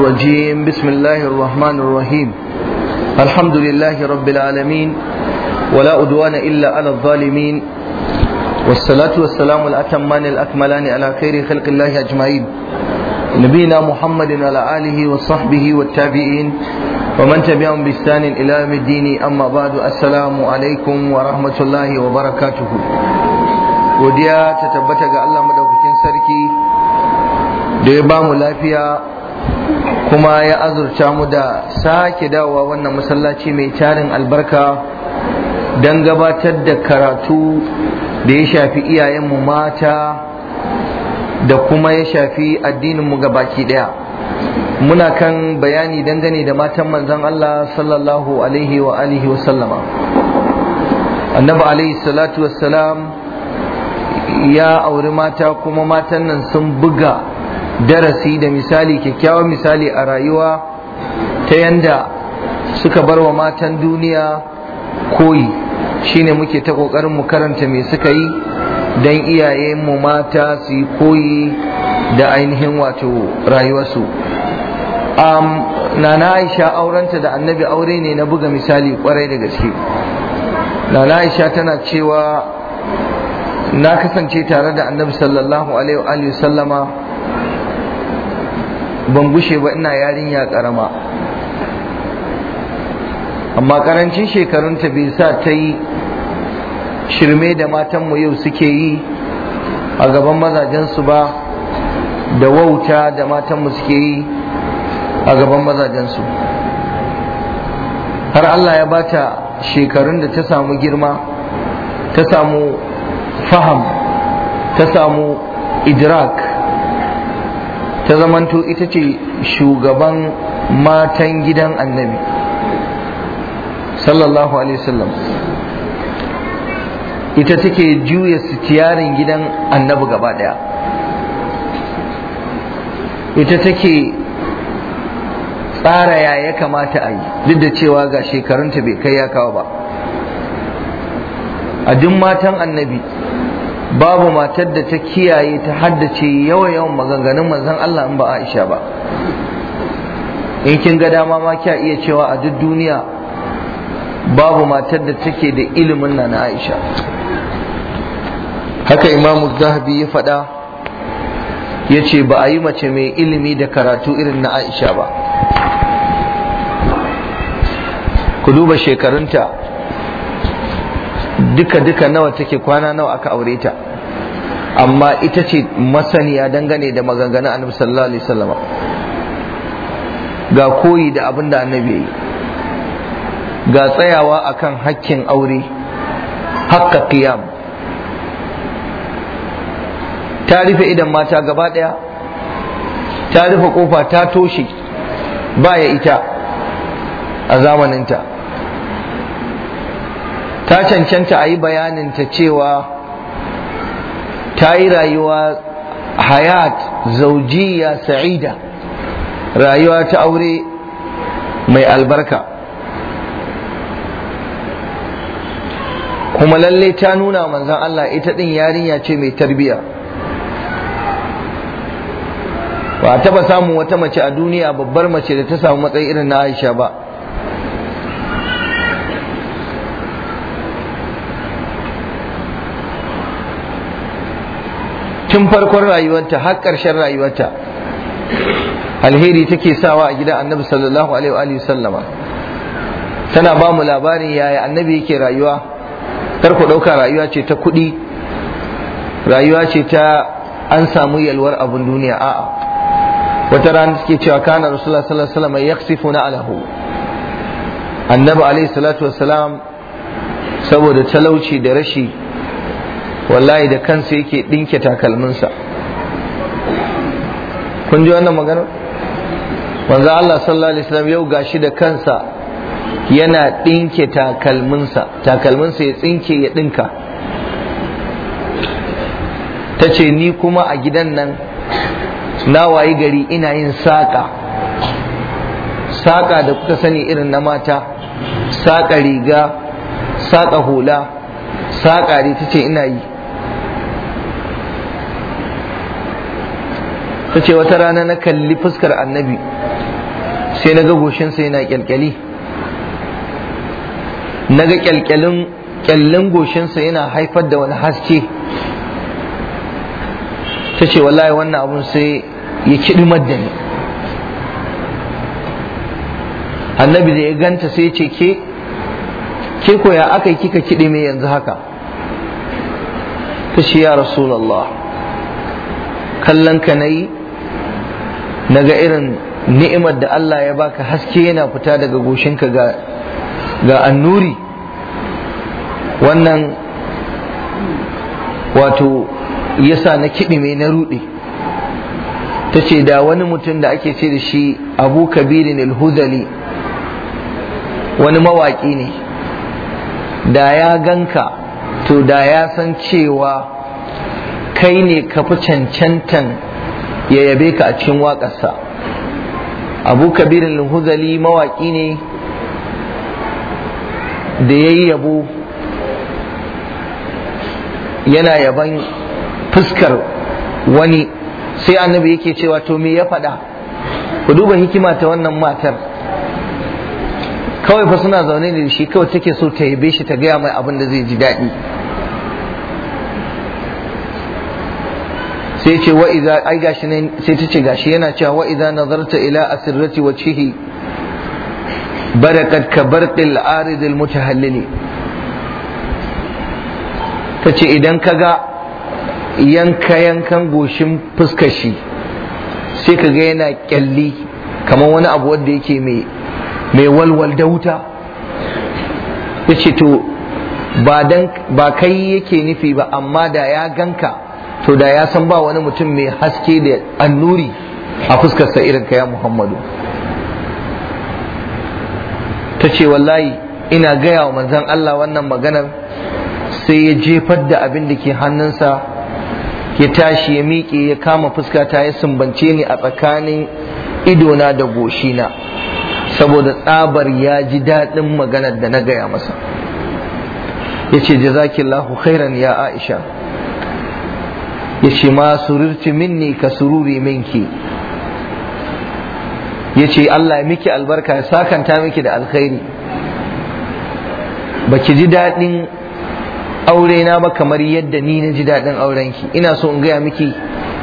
الرجيم بسم الله الرحمن الرحيم الحمد لله رب العالمين ولا أدوان إلا على الظالمين والصلاة والسلام الأتمان الأكملان على خير خلق الله أجمعين نبينا محمد وعلى آله وصحبه والتابعين ومن تبعهم بإحسان إلى يوم الدين أما بعد السلام عليكم ورحمة الله وبركاته godiya ta tabbata ga Allah madaukakin sarki da ya bamu lafiya kuma ya azurta mu da sake dawowa wannan masallaci mai tarin albarka don gabatar da karatu da ya shafi iyayenmu mata da kuma ya shafi addininmu ga baki daya muna kan bayani dangane da matan manzan Allah sallallahu alaihi wa alihi wa sallama annabi alaihi salatu wassalam ya auri mata kuma matan nan sun buga darasi da misali kyakkyawan misali a rayuwa ta yanda suka bar wa matan duniya koyi shine muke ta ƙoƙarin mu karanta me suka yi don iyayenmu mata su koyi da ainihin wato rayuwarsu um, nana aisha aurenta da annabi aure ne na buga misali kwarai da gaske nana aisha tana cewa na kasance tare da annabi sallallahu alaihi sallama ban gushe ba ina yarinya karama amma karancin shekarunta bai sa ta yi shirme da matanmu yau suke yi a gaban mazajensu ba da wauta da matanmu suke yi a gaban mazajensu har Allah ya bata shekarun da ta samu girma ta samu faham ta samu idrak ta zamanto ita ce shugaban matan gidan annabi sallallahu alaihi wasallam ita take juya sitiyarin gidan annabi gaba daya ita take tsara ya ya kamata a yi duk da cewa ga shekarunta bai kai ya kawo ba a duk matan annabi babu matar da ta kiyaye ta haddace yawa yawan maganganun manzon Allah in ba Aisha ba in kin ga dama ma kya iya cewa a duk duniya babu matar da take da ilimin na Aisha haka imamu zahabi ya faɗa yace ba a yi mace mai ilimi da karatu irin na Aisha ba ku duba shekarunta duka duka nawa take kwana nawa aka aure ta amma ita ce masaniya dangane da maganganun annabi sallallahu alaihi wasallam ga koyi da abin da annabi yi ga tsayawa akan hakkin aure hakka qiyam ta rufe idan mata gaba daya ta rufe kofa ta toshe baya ita a zamaninta ta cancanta a yi bayanin ta cewa ta yi rayuwa hayat zaujiya sa'ida rayuwa ta aure mai albarka kuma lalle ta nuna manzan Allah ita ɗin yarinya ce mai tarbiyya ba a taɓa samun wata mace a duniya babbar mace da ta samu matsayi irin na Aisha ba tun farkon rayuwarta har ƙarshen rayuwarta alheri take sawa a gidan annabi sallallahu alaihi wa sallama tana ba mu labarin yaya annabi yake rayuwa kar ku ɗauka rayuwa ce ta kuɗi rayuwa ce ta an samu yalwar abun duniya a'a wata rana suke cewa kana rasulullah sallallahu alaihi wasallam yaksifuna alahu annabi alaihi salatu wassalam saboda talauci da rashi wallahi da kansa yake ɗinke takalminsa kun ji wannan magana manzo Allah sallallahu alaihi wasallam yau gashi da kansa yana ɗinke takalminsa takalminsa ya tsinke ya ɗinka ta ce ni kuma a gidan nan na wayi gari ina yin saƙa saƙa da kuka sani irin na mata saƙa riga saƙa hula saƙa ta ce ina yi ta ce wata rana na kalli fuskar annabi sai na ga goshinsa yana kyalkyali na ga kyalkyalin goshinsa yana haifar da wani haske ta ce wallahi wannan abun sai ya kiɗi da ni annabi da ya ganta sai ya ce ke ke koya aka yi kika kiɗi mai yanzu haka ta ce ya rasulallah kallon ka na yi naga irin ni'imar da Allah ya baka haske yana fita daga goshinka ga ga annuri wannan wato yasa na mai na ruɗe ta ce da wani mutum da ake ce da shi abu kabirin al-hudali wani mawaƙi ne da ya ganka to da ya san cewa kai ne ka fi cancantan ya yabe ka a cikin waƙarsa abu kabirin huzali mawaƙi ne da ya yi yabo yana yaban fuskar wani sai annabi yake cewa to me ya faɗa ku duba hikima ta wannan matar kawai fa suna zaune da shi kawai take so ta yabe shi ta gaya mai abin da zai ji daɗi sai ce wa iza ai gashi ne sai ta ce gashi yana cewa wa iza nazarta ila asirrati wajhihi barakat ka barqil arid al mutahallili tace idan kaga yanka yankan goshin fuskar shi sai kaga yana kyalli kamar wani abu wanda yake mai mai walwal da wuta ce to ba kai yake nufi ba amma da ya ganka to da ya san ba wani mutum mai haske da annuri a fuskarsa irin kaya muhammadu ta ce wallahi ina gaya wa manzan Allah wannan maganar sai ya jefar da abin da ke hannunsa ya tashi ya miƙe ya kama fuska ta ya sumbance ni a tsakanin idona da goshina saboda tsabar ya ji daɗin maganar da na gaya masa ya ce Lahu khairan ya aisha ce ma sururci minni ka sururi minki yace Allah ya miki albarka ya sakanta miki da alkhairi baki ji daɗin aure na ba kamar yadda ni na ji daɗin aurenki ina so in gaya miki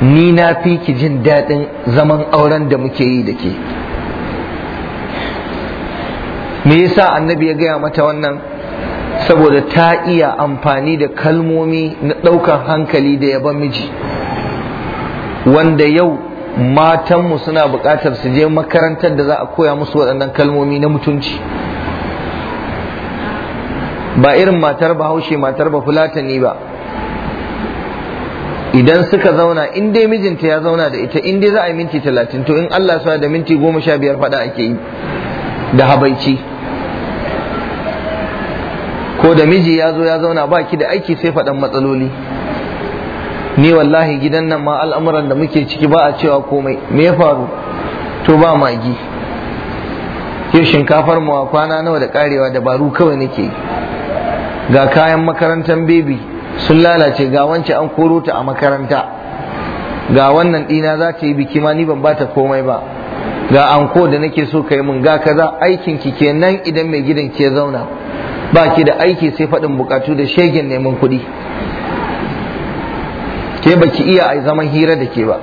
ni na fi ki jin daɗin zaman auren da muke yi da ke me yasa annabi ya gaya mata wannan saboda ta iya amfani da kalmomi na ɗaukar hankali da yaban miji wanda yau matanmu suna buƙatar su je makarantar da za a koya musu waɗannan kalmomi na mutunci ba irin matar bahaushe matar ba ne ba idan suka zauna in dai mijinta ya zauna da ita in dai za a yi minti talatin to in Allah sa da minti goma sha biyar faɗa ake yi da habaici ko da miji ya zo ya zauna ba ki da aiki sai faɗan matsaloli ni wallahi gidan nan ma al'amuran da muke ciki ba a cewa komai me ya faru to ba magi yau shinkafar mu kwana nawa da karewa dabaru kawai nake ga kayan makarantar bebi sun lalace ga wance an koro ta a makaranta ga wannan ɗina za ta yi biki ma ni ban bata komai ba ga anko da nake so ka yi mun ga kaza aikin ki kenan idan mai gidan ki ya zauna ba ki da aiki sai faɗin bukatu da shegen neman kuɗi ke baki iya a zaman hira da ke ba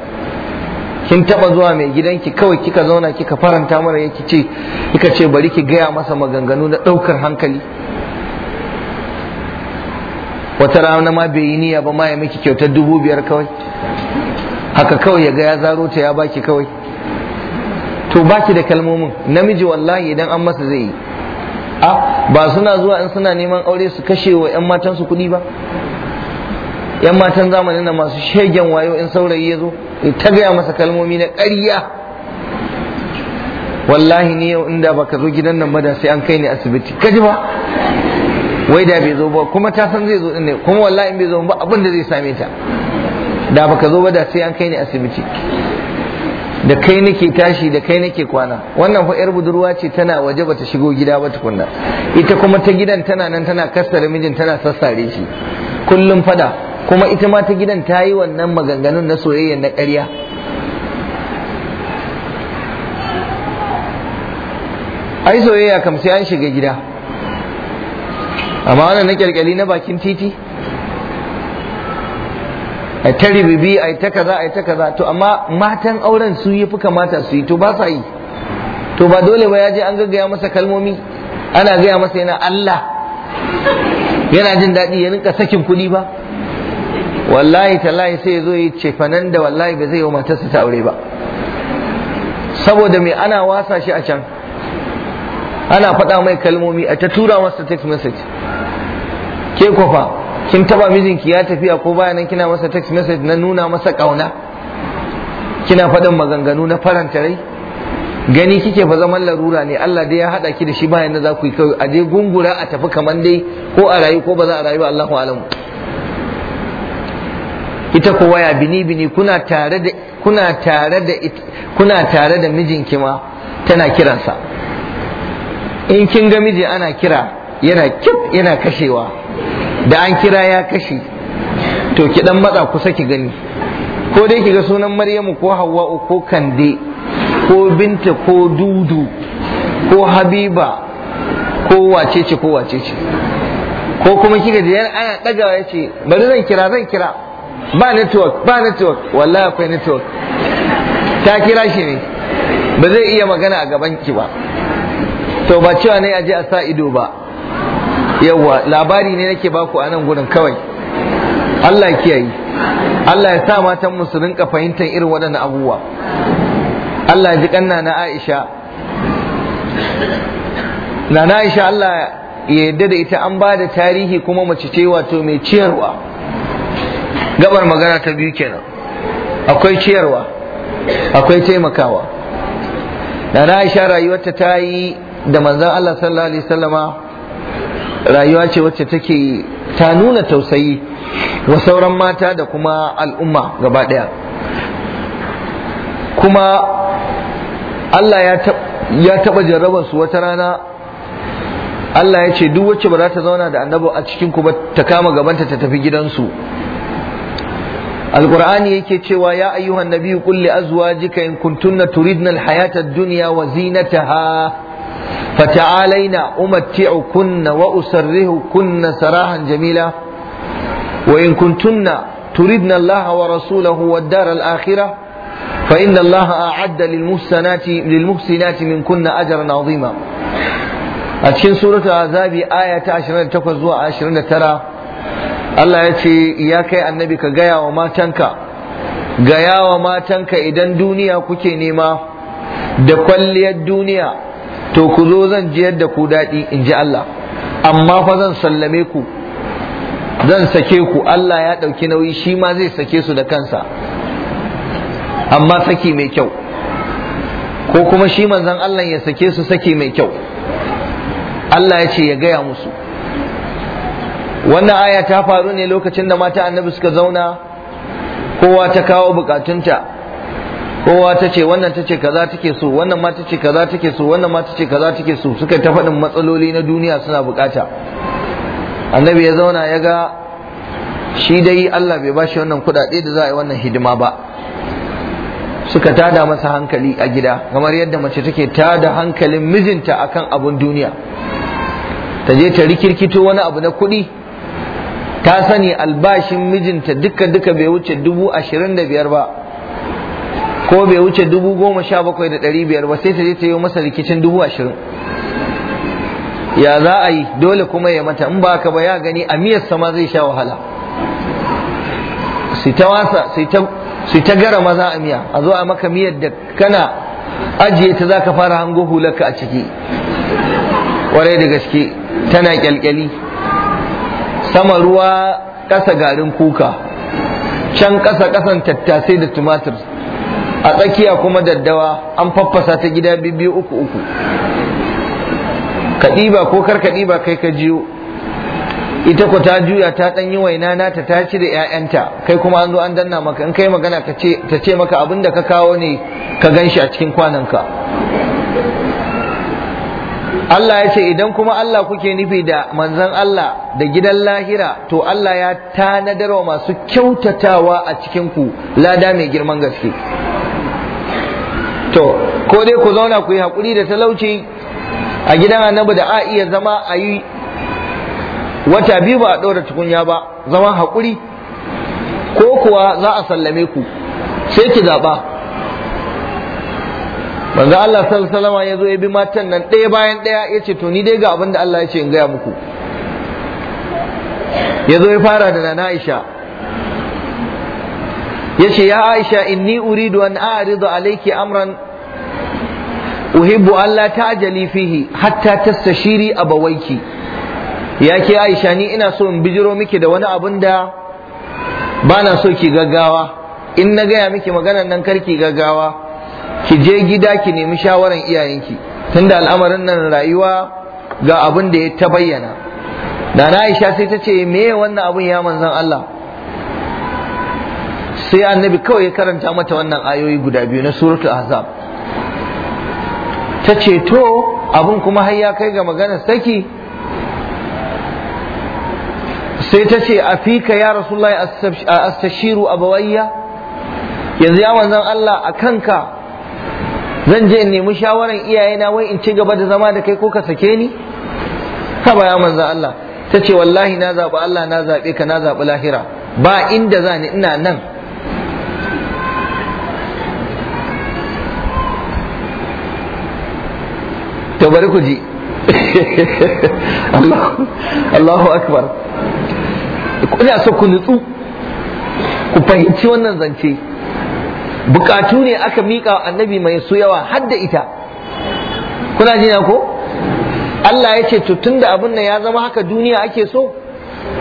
kin taba zuwa mai gidanki kawai kika zauna kika faranta mara yake ce kika ce bari ki gaya masa maganganu na ɗaukar hankali wata rana ma bai yi niyya ba ma ya miki kyautar dubu biyar kawai haka kawai ya gaya ya zaro ta ya baki kawai to baki da kalmomin namiji wallahi idan an masa zai yi a ah, ba suna zuwa in suna neman aure su kashe wa 'yan matan su kuɗi ba yan matan zamanin na masu shegen wayo in saurayi ya zo ta gaya masa kalmomi na ƙarya wallahi ni yau inda ka zo gidan nan da sai an kai ni asibiti kaji ba wai da bai zo ba kuma ta san zai zo din ne kuma wallahi in bai zo ba abin da zai same ta da ba ka zo ba da sai an kai ni asibiti da kai nake tashi da kai nake kwana wannan fa yar budurwa ce tana waje bata shigo gida ba tukunna ita kuma ta gidan tana nan tana kassara mijin tana sassare shi kullum fada kuma ita ma ta gidan ta wannan maganganun na soyayya na ƙarya ai soyayya kam sai an shiga gida amma wannan na kyalkyali na bakin titi a ta ribibi a yi ta kaza a yi ta kaza to amma matan auren su yi fi kamata su yi to ba sa yi to ba dole ba ya je an gaggaya masa kalmomi ana gaya masa yana Allah yana jin daɗi ya rinka sakin kuɗi ba wallahi tallahi sai ya zo ya ce da wallahi ba zai yi matarsa ta aure ba saboda mai ana wasa shi a can ana faɗa mai kalmomi a ta tura masa text message ke kwafa kin taba mijinki ya tafiya ko baya nan kina masa text message na nuna masa kauna kina faɗin maganganu na faranta rai gani kike fa zaman larura ne Allah dai ya hada ki da shi bayan da za ku yi kawai a je gungura a tafi kaman dai ko a rayu ko ba za a rayu ba Allahu alam ita ko waya bini bini kuna tare da kuna tare da kuna tare da mijinki ma tana kiransa in kin ga miji ana kira yana kip yana kashewa da an kira ya kashe to ki dan matsa kusa ki gani ko dai ki ga sunan maryamu ko hawa'u ko kande ko binta ko dudu ko habiba ko wacece ko wacece ko kuma kiga da yan ana dagawa ya ce bari zan kira zan kira ba network ba network wallahi akwai network ta kira shi ne ba zai iya magana a gaban ki ba to ba cewa ne aje a sa ido ba yawa labari ne nake baku a nan gudun kawai Allah kiyaye Allah ya sa matan musulun ka rinka fahimtar irin waɗannan abubuwa Allah ya ji kanna na Aisha na na Aisha Allah ya yarda da ita an ba da tarihi kuma mace ce wato mai ciyarwa gabar magana ta biyu kenan akwai ciyarwa akwai taimakawa na na Aisha rayuwarta ta yi da manzon Allah sallallahu alaihi wasallama rayuwa ce wacce take ta nuna tausayi wa sauran mata da kuma al'umma gaba ɗaya kuma Allah ya taɓa jarrabar su wata rana Allah ya ce duk wacce ba za ta zauna da annabi a cikin ku ba ta kama gabanta ta tafi gidansu Alƙur'ani yake cewa ya ayyuhan nabiyyu qul li azwajika in kuntunna turidna hayatar ad-dunya wa zinataha فتعالينا أمتعكن وأسرهكن سراحا جميلا وإن كنتن تردن الله ورسوله والدار الآخرة فإن الله أعد للمحسنات للمحسنات منكن أجرا عظيما أتشين سورة العذاب آية 28 زوا 29 الله يتي يا كي النبي كجايا وما تنكا جايا وما تنكا إذا دنيا كتي نيما da kwalliyar duniya to ku zo zan jiyar da ku daɗi in ji Allah amma fa zan sallame ku zan sake ku Allah ya ɗauki nauyi shi ma zai sake su da kansa amma saki mai kyau ko kuma shi manzan Allah ya sake su saki mai kyau Allah ya ce ya gaya musu wannan aya ta faru ne lokacin da mata annabi suka zauna kowa ta kawo bukatunta kowa ta ce wannan ta ce kaza take so wannan ma ta ce kaza take so wannan ma ta ce kaza take so suka ta faɗin matsaloli na duniya suna bukata annabi ya zauna ya ga shi dai Allah bai bashi wannan kuɗaɗe da za a yi wannan hidima ba suka tada masa hankali a gida kamar yadda mace take tada hankalin mijinta akan abun duniya ta je ta rikirkito wani abu na kuɗi ta sani albashin mijinta duka duka bai wuce dubu ashirin da biyar ba ko bai wuce dubu goma sha bakwai da ɗari biyar ba sai ta je ta yi masa rikicin dubu ashirin ya za a yi dole kuma ya mata in ba ka ba ya gani a miyar sama zai sha wahala su ta wasa su ta gara maza a miya a zo a maka miyar da kana ajiye ta za ka fara hango hularka a ciki kwarai da gaske tana kyalkyali sama ruwa ƙasa garin kuka can ƙasa ƙasan tattasai da tumatir a tsakiya kuma daddawa an faffasa ta gida biyu uku uku ka ɗiba ko kar ka ɗiba kai ka jiyo ita ku ta juya ta ɗan yi waina nata ta ci da 'ya'yanta kai kuma an zo an danna maka in kai magana ta ce maka abin da ka kawo ne ka gan shi a cikin kwananka Allah ya ce idan kuma Allah kuke nufi da manzon Allah da gidan lahira to Allah ya tanadar wa masu kyautatawa a cikin ku lada mai girman gaske to ko dai ku zauna ku yi haƙuri da talauci a gidan annabi da a iya zama a yi wata biyu ba a ɗora tukunya ba zama haƙuri ko kuwa za a sallame ku sai ki zaɓa manzo Allah sallallahu ya zo ya bi matan nan ɗaya bayan ɗaya ya ce to ni dai ga abin da Allah ya ce in gaya muku ya zo ya fara da na Aisha Ya ce ya Aisha inni uridu an a'ridu alayki amran uhibbu an ta ta'jali fihi hatta tastashiri abawayki ya ke Aisha ni ina so in bijiro miki da wani abun da bana so ki gaggawa in na gaya miki maganar nan karki gaggawa ki je gida ki nemi shawaran iyayenki tunda al'amarin nan rayuwa ga abin da ya ta bayyana da na Aisha sai ta ce me wannan abun ya manzon Allah sai annabi kawai ya karanta mata wannan ayoyi guda biyu na suratul ahzab ta ce to abin kuma har ya kai ga maganar saki sai ta ce a ya rasulullahi astashiru abawayya yanzu ya manzon Allah a kanka zan je in nemi shawaran iyayena wai in ci gaba da zama da kai ko ka sake ni ka ba ya Allah ta ce wallahi na zaɓi Allah na zaɓe ka na zaɓi lahira ba inda za ni ina nan to bari ku ji Allahu akbar kuna so ku nutsu ku fahimci wannan zance bukatu ne aka miƙa annabi mai su yawa har da ita kuna ji na ko Allah ya ce to tunda abin nan ya zama haka duniya ake so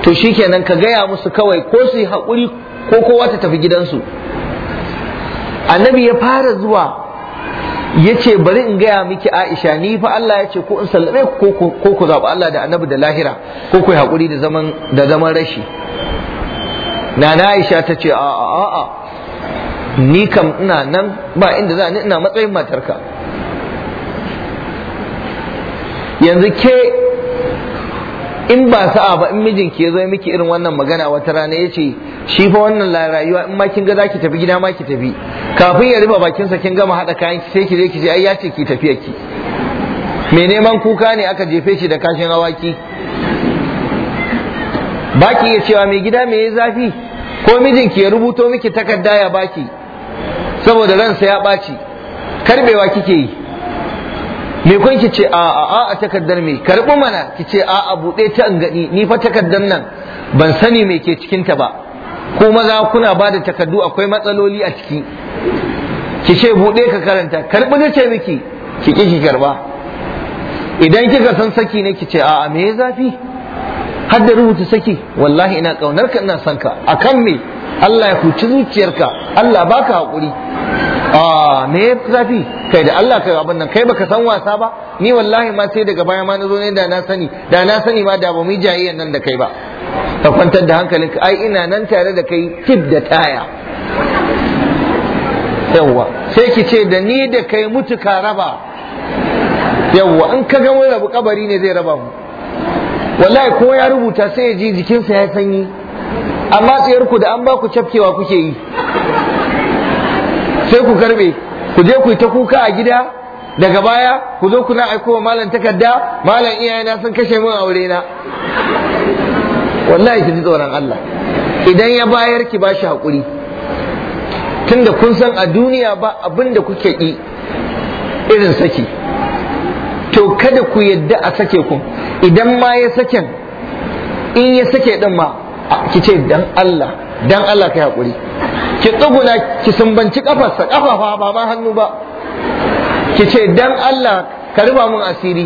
to shikenan ka gaya musu kawai ko su yi haƙuri ko kowa ta tafi gidansu annabi ya fara zuwa yace bari in gaya miki Aisha ni fa Allah yace ko in sallame ku ko ku zaɓi Allah da annabi da lahira ko ku haƙuri da zaman da zaman rashi nana Aisha ta ce a a a ni kam ina nan ba inda za ni ina matsayin matarka yanzu ke in ba sa'a ba in mijin ke zo miki irin wannan magana wata rana ya ce shi fa wannan rayuwa in ma kin ga ki tafi gida ma ki tafi kafin ya rufe bakin sa kin gama hada kayan ki sai ki je ki je ai ya ce ki tafi ki me neman kuka ne aka jefe shi da kashin awaki baki ya cewa mai gida me ya zafi ko mijin ki ya rubuto miki takarda ya baki saboda ransa ya baci karbewa kike yi me kun ki ce a a a takardar me karbi mana ki ce a a buɗe ta in gani ni fa takardar nan ban sani me ke cikin ta ba ko maza kuna ba da takardu akwai matsaloli a ciki ki ce buɗe ka karanta karbi na ce miki ki ki ki karba idan kika san saki ne ki ce a a me zafi har da rubuta saki wallahi ina kaunar ka ina son ka akan me Allah ya huci zuciyarka Allah baka hakuri ne ah, me fi zafi kai da Allah kai abin nan kai baka san wasa ba ni wallahi ma sai daga baya ma nazo ne da na sani da na sani ma da ba mu jayyan nan da kai ba ka kwantar da hankalinka ai ina nan tare da kai tip da taya yawwa sai ki ce da ni da kai mutu ka raba yawwa in ka ga mun rabu kabari ne zai raba mu wallahi ko ya rubuta sai ya ji jikinsa ya sanyi amma tsayar ku da an ba ku cafkewa kuke yi sai ku karbe ku je ku yi ta kuka a gida daga baya ku zo kuna aiko wa malam takarda malam iyayena sun kashe min aure na wallahi kiji ji tsoron Allah idan ya bayar ki bashi hakuri tunda kun san a duniya ba abin da kuke yi irin saki to kada ku yadda a sake ku idan ma ya saken in ya sake din ma ki ce dan Allah dan Allah kai hakuri ki tsuguna ki sumbanci kafarsa kafafa ba ma hannu ba ki ce dan Allah ka riba mun asiri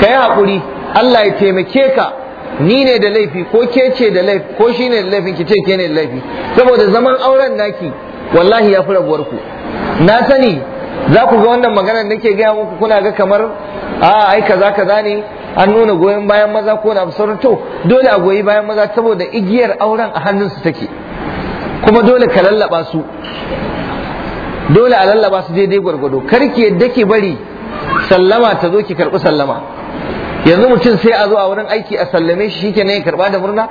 ka yi haƙuri Allah ya taimake ka ni ne da laifi ko ke ce da laifi ko shi ne da laifi ki ce ke ne da laifi saboda zaman auren naki wallahi ya fi rabuwar ku na sani za ku ga wannan maganar nake gaya muku kuna ga kamar a ai kaza kaza ne an nuna goyon bayan maza ko na to dole a goyi bayan maza saboda igiyar auren a hannunsu take kuma dole ka lallaba su dole a lallaba su daidai gwargwado kar ki yadda ki bari sallama ta zo ki karɓi sallama yanzu mutum sai a zo a wurin aiki a sallame shi shike ne ya karɓa da murna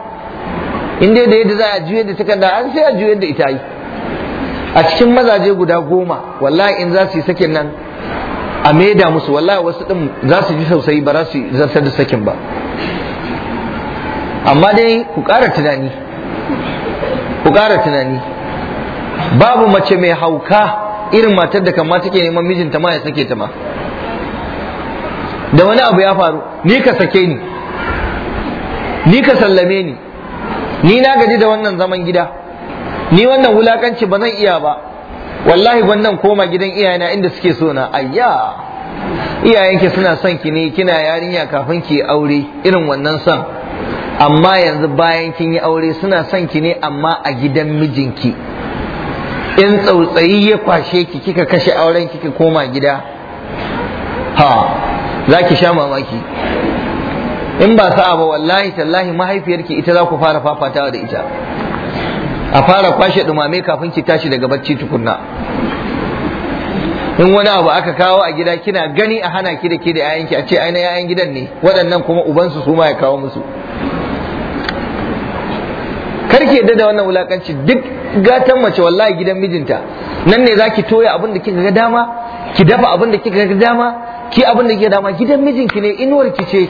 in dai da yadda za a juye da takarda an sai a juye da ita yi a cikin mazaje guda goma wallahi in za su yi sakin nan a maida musu wallahi wasu din za su ji tausayi ba za su yi zartar da sakin ba amma dai ku ƙara tunani ku ƙara tunani babu mace mai hauka irin matar da kama take neman mijinta ma ya sake ta ma da wani abu ya faru ni ka sake ni ni ka sallame ni ni na gaji da wannan zaman gida ni wannan wulakanci ba zan iya ba wallahi wannan koma gidan iyayena inda suke so na ayya iyayenki suna son ki ne kina yarinya kafin ki aure irin wannan son amma yanzu bayan kin yi aure suna son ki ne amma a gidan mijinki in tsautsayi ya kwashe ki kika kashe auren kika koma gida ha za ki sha mamaki in ba sa'a ba wallahi tallahi mahaifiyarki ita za ku fara fafatawa da ita a fara kwashe dumame kafin ki tashi daga bacci tukunna in wani abu aka kawo a gida kina gani a hana ki da ke da yayanki a ce aina yayan gidan ne waɗannan kuma ubansu su ma ya kawo musu kar ki yadda da wannan wulakanci duk gatan mace wallahi gidan mijinta nan ne zaki toya abin da kika ga dama ki dafa abin da kika ga dama ki abin da kika dama gidan mijinki ne inuwar ki ce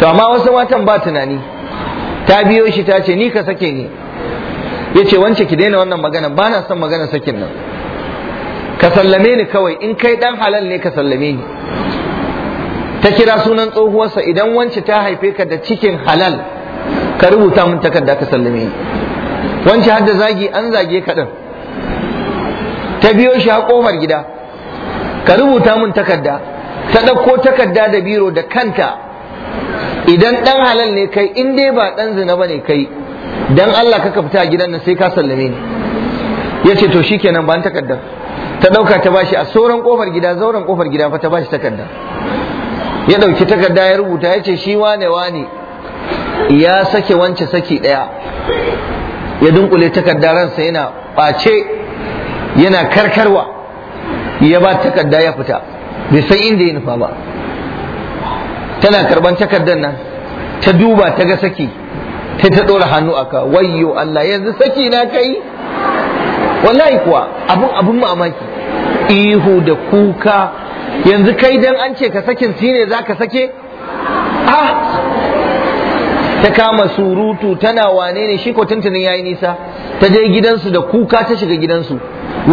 to amma wasu matan ba tunani ta biyo shi ta ce ni ka sake ni yace wance ki daina wannan magana ba na son magana sakin nan ka sallame ni kawai in kai dan halal ne ka sallame ni ta kira sunan tsohuwarsa idan wance ta haife ka da cikin halal ka rubuta mun takarda ka sallame ni wancan hadda zagi an zage ka din ta biyo shi a kofar gida ka rubuta mun takarda ta ɗauko takarda da biro da kanta idan ɗan halal ne kai in dai ba ɗan zina ba ne kai dan Allah ka fita gidan nan sai ka sallame ni ya ce to shikenan ba takarda ta ɗauka ta bashi a sauran kofar gida zauren kofar gida fa ta bashi takarda ya ɗauki takarda ya rubuta ya ce shi wane wane ya sake wance saki ɗaya ya dunkule takardar sa yana ɓace yana karkarwa ya ba takarda ya fita bai san inda ya nufa ba tana karban takardar nan ta duba ta ga saki ta ta ɗora hannu aka wayyo Allah yanzu saki na kai wallahi kuwa abun abun mamaki ihu da kuka yanzu kai dan an ce ka sakin shine ne za sake ah ta kama surutu tana wane ne shi ko tuntunin yayi nisa ta je gidansu da kuka ta shiga gidansu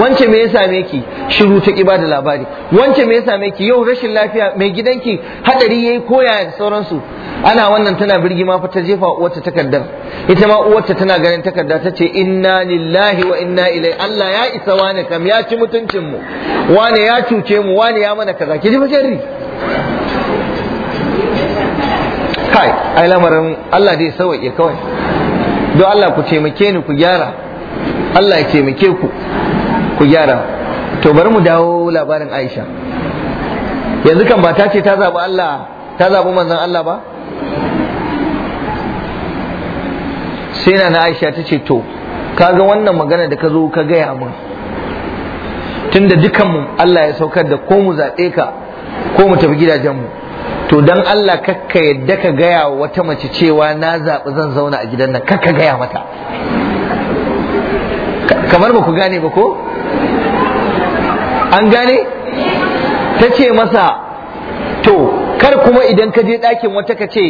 wance me ya same ki shiru ta kiba da labari wance me ya same ki yau rashin lafiya mai gidanki hadari yayi koya sauransu ana wannan tana birgi ma fa ta jefa uwarta takardar ita ma uwarta tana ganin takarda ta ce inna lillahi wa inna ilai Allah ya isa wani kam ya ci mutuncin mu wane ya cuce mu wane ya mana kaza ki ji fa sharri kai ai lamarin Allah dai sauƙi kawai don Allah ku taimake ni ku gyara Allah ya taimake ku ku gyara to bari mu dawo labarin Aisha yanzu kan ba ta ce ta zaɓi Allah ta zaɓi manzon Allah ba sai na Aisha ta ce to kaga wannan magana da ka zo ka gaya min tunda dukanmu Allah ya saukar da ko mu zaɓe ka ko mu tafi gidajenmu to dan Allah kakka yadda ka gaya wata mace cewa na zaɓi zan zauna a gidan nan kakka gaya mata kamar ba ku gane ba ko an gane ta ce masa to kar kuma idan ka je ɗakin wata ka ce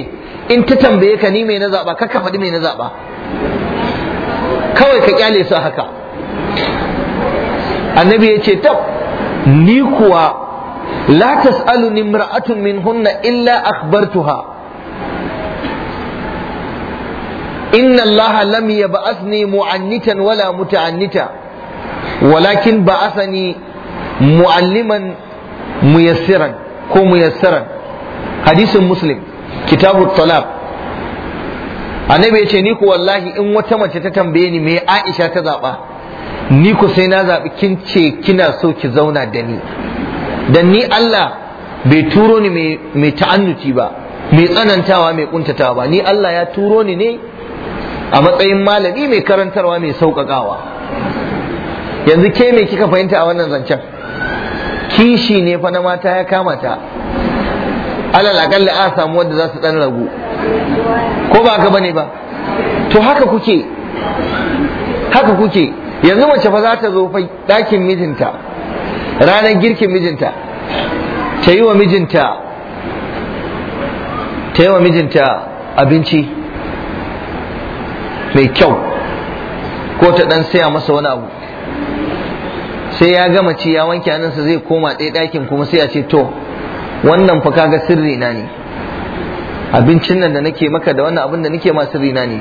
in ta tambaye ka ni mai na zaɓa kakka faɗi mai na zaɓa kawai ka kyale su haka annabi ya ce ta ni kuwa la tas'aluni imra'atun minhunna illa akhbartuha inna allaha lam yab'athni mu'annitan wala muta'annita walakin ba'athani mu'alliman muyassiran ko muyassaran hadisin muslim kitabu talab annabi ya ce ni ku wallahi in wata mace ta tambaye ni me Aisha ta zaɓa? ni ku sai na zabi kin ce kina so ki zauna da ni dan ni Allah bai turo ni mai ta'annuti ba mai tsanantawa mai kuntatawa ba ni Allah ya turo ni ne a matsayin malami mai karantarwa mai sauƙaƙawa yanzu ke me kika fahimta a wannan zancen kishi ne fa na mata ya kamata alal aƙalla a samu wanda za su ɗan ragu ko ba haka bane ba to haka kuke haka kuke yanzu mace fa za ta zo fa dakin mijinta ranar girkin mijinta ta yi wa mijinta ta yi wa mijinta abinci mai kyau ko ta dan saya masa wani abu sai ya gama ci ya wanke hannunsa zai koma ɗaya ɗakin kuma sai ya ce to wannan fa kaga sirri na ne abincin nan da nake maka da wannan abin da nake ma sirri na ne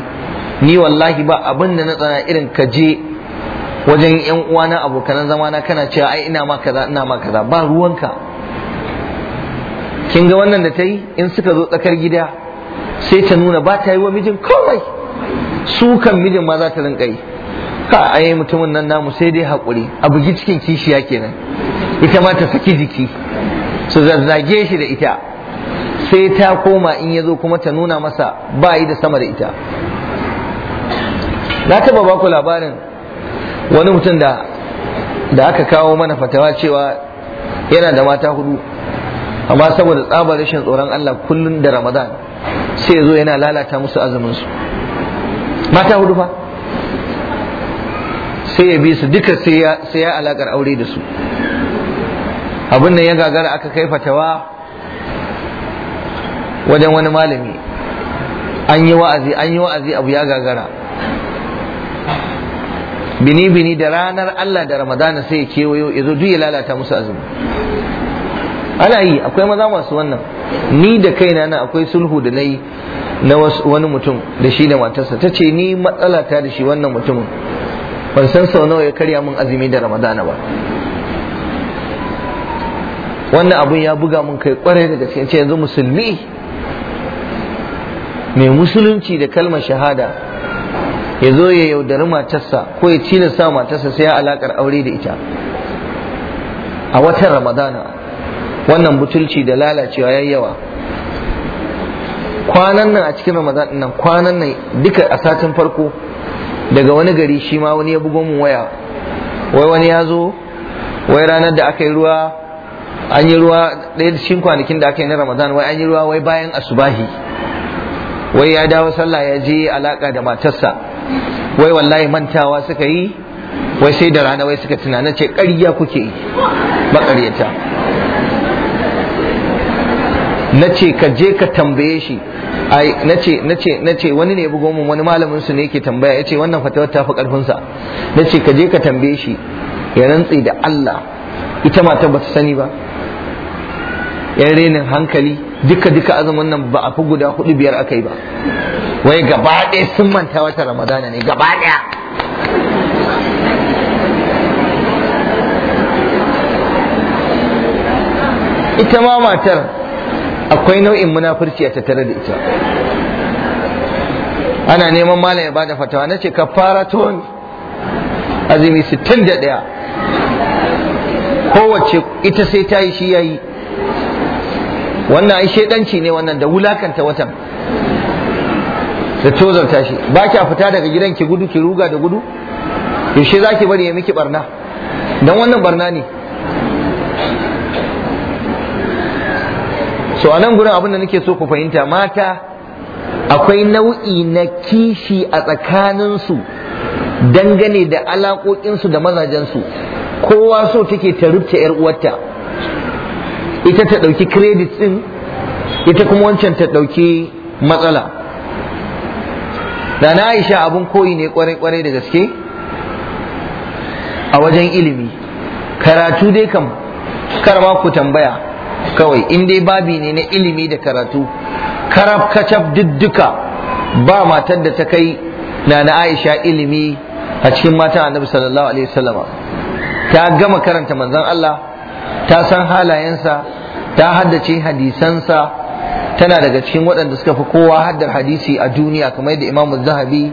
ni wallahi ba abin da na tsana irin ka je wajen yan uwana abokanan zamana kana cewa ai ina ma kaza ina ma kaza ba ruwanka kin ga wannan da ta in suka zo tsakar gida sai ta nuna ba ta yi wa mijin komai su kan mijin ma za ta rinka yi ka ai mutumin nan namu sai dai hakuri, a bugi cikin kishiya kenan ita ma ta saki jiki su zazzage shi da ita sai ta koma in ya zo kuma ta nuna masa ba yi da sama da ita na taba baku labarin wani mutum da da aka kawo mana fatawa cewa yana da mata hudu amma saboda tsabar rashin tsoron Allah kullum da Ramadan sai zo yana lalata musu azumin su mata hudu fa sai ya bi su duka sai ya alakar aure da su abin nan ya gagara aka kai fatawa wajen wani malami an yi wa'azi an yi wa'azi abu ya gagara bini bini da ranar Allah da Ramadana sai ya kewayo ya zo duk ya lalata musu azumi ana yi akwai maza masu wannan ni da kaina na akwai sulhu da nayi na wani mutum da shi da matarsa ta ce ni matsala ta da shi wannan mutumin ban san sau nawa ya karya min azumi da Ramadana ba wannan abun ya buga mun kai kwarai da gaske ce yanzu musulmi mai musulunci da kalmar shahada ya zo ya yaudari matarsa ko ya sa matarsa sai ya alakar aure da ita a watan ramadana wannan butulci da lalacewa ya yawa kwanan nan a cikin ramadan nan kwanan nan duka a satin farko daga wani gari shi ma wani ya bugo mun waya wai wani ya zo wai ranar da aka yi ruwa an yi ruwa ɗaya cikin kwanakin da aka yi na ramadan wai an yi ruwa wai bayan asubahi wai ya dawo sallah ya je alaka da matarsa wai wallahi mantawa suka yi wai sai da rana wai suka tunana ce ƙarya kuke yi maƙaryata na ce ka je ka tambaye shi na ce wani ne bugo mun wani malamin su ne ke tambaya ya ce wannan fatawar ta fi ƙarfinsa na ce ka je ka tambaye shi ya rantse da Allah ita mata ba ta sani ba yan renin hankali duka duka azumin nan ba a fi guda hudu biyar aka yi ba wai gaba ɗaya sun manta wata ramadana ne gaba ɗaya ita ma matar akwai nau'in munafurci a tattare da ita ana neman malam ya bada fatawa na ce ka fara tun azumi da ɗaya. kowace ita sai ta yi shi yayi wannan ai shedanci ne wannan da wulakanta watan da tozarta shi ba kya fita daga gidan ki gudu ki ruga da gudu to za ki bari ya miki barna don wannan barna ne so a gurin abin da nake so ku fahimta mata akwai nau'i na kishi a tsakaninsu dangane da alaƙoƙinsu da mazajensu kowa so take ta rubta 'yar uwarta ita ta ɗauki credit ɗin ita kuma wancan ta ɗauki matsala da na aisha abun koyi ne kwarai-kwarai da gaske a wajen ilimi karatu dai kam karama ku tambaya kawai in dai babi ne na ilimi da karatu karab kacab didduka ba matar da ta kai na na aisha ilimi a cikin mata annabi sallallahu alaihi wasallama ta gama karanta manzon Allah ta san halayensa ta haddace hadisansa tana daga cikin waɗanda suka fi kowa haddar hadisi a duniya kamar yadda imamu zahabi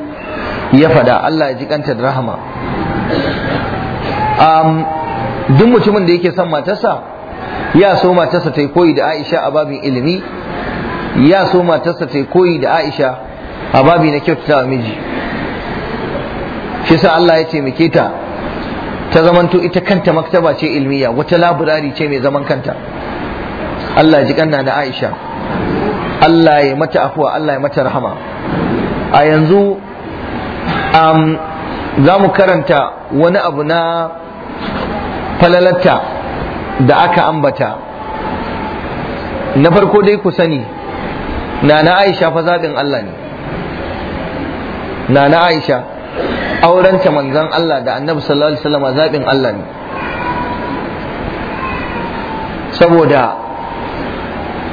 ya faɗa Allah ya ji kanta da rahama duk mutumin da yake son matarsa ya so matarsa ta yi koyi da aisha a babin ilimi ya so matarsa ta yi koyi da aisha a babi na kyautata miji shi sa Allah ya taimake ta ta zamanto ita kanta maktaba ce ilmiya wata laburari ce mai zaman kanta Allah ji kanna da Aisha Allah ya mata afuwa Allah ya mata rahama a yanzu um, za mu karanta wani abu na Falalata da aka ambata na farko dai ku sani na Aisha fa zaɓin Allah ne na na Aisha aurenta manzon Allah da annabi sallallahu alaihi wasallam zaɓin Allah ne saboda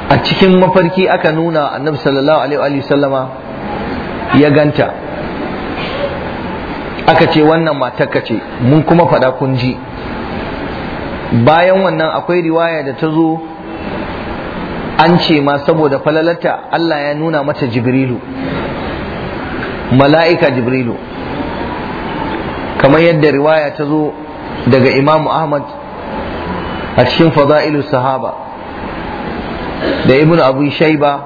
a cikin mafarki aka nuna annabi sallallahu alaihi wasallama ya ganta aka ce wannan matarka ce mun kuma faɗa kun ji bayan wannan akwai riwaya da ta zo an ce ma saboda falalarta Allah ya nuna mata jibrilu mala'ika jibrilu kamar yadda riwaya ta zo daga imamu ahmad a cikin fada'ilu sahaba da ibn abu shaiba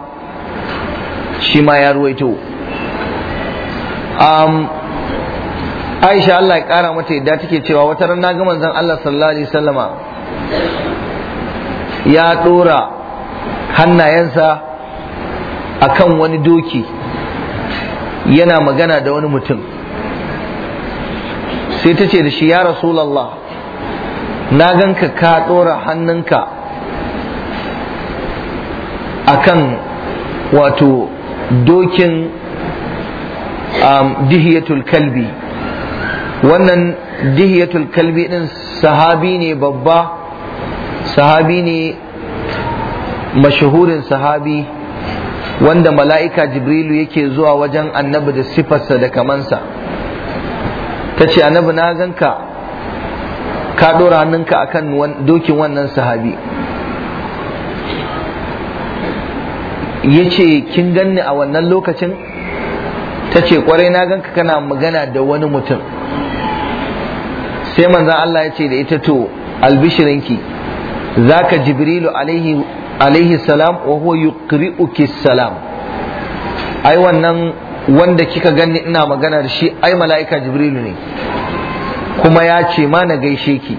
shi ma ya ruwaito aisha Allah ya kara mata yadda take cewa wata ran na manzon Allah sallallahu alaihi wasallama ya dora hannayensa a kan wani doki yana magana da wani mutum sai ta ce da shi ya rasulallah na ganka ka ɗora hannunka a kan wato dokin um, dihiyatul kalbi wannan dihiyatul kalbi ɗin sahabi ne babba sahabi ne mashahurin sahabi wanda mala'ika jibrilu yake zuwa wajen annabi da sifarsa da kamansa ta ce annabi na ganka ka ɗora hannunka kan dokin wannan sahabi ya ce kin ganni a wannan lokacin ta ce kwarai na ganka kana magana da wani mutum sai manzan Allah ya ce da ita to albishirinki za ka jibrilu alaihi salam wa huwa yuqri'uki salam ai wannan wanda kika gani ina magana da shi ai mala'ika jibrilu ne kuma ya ce ma na gaishe ki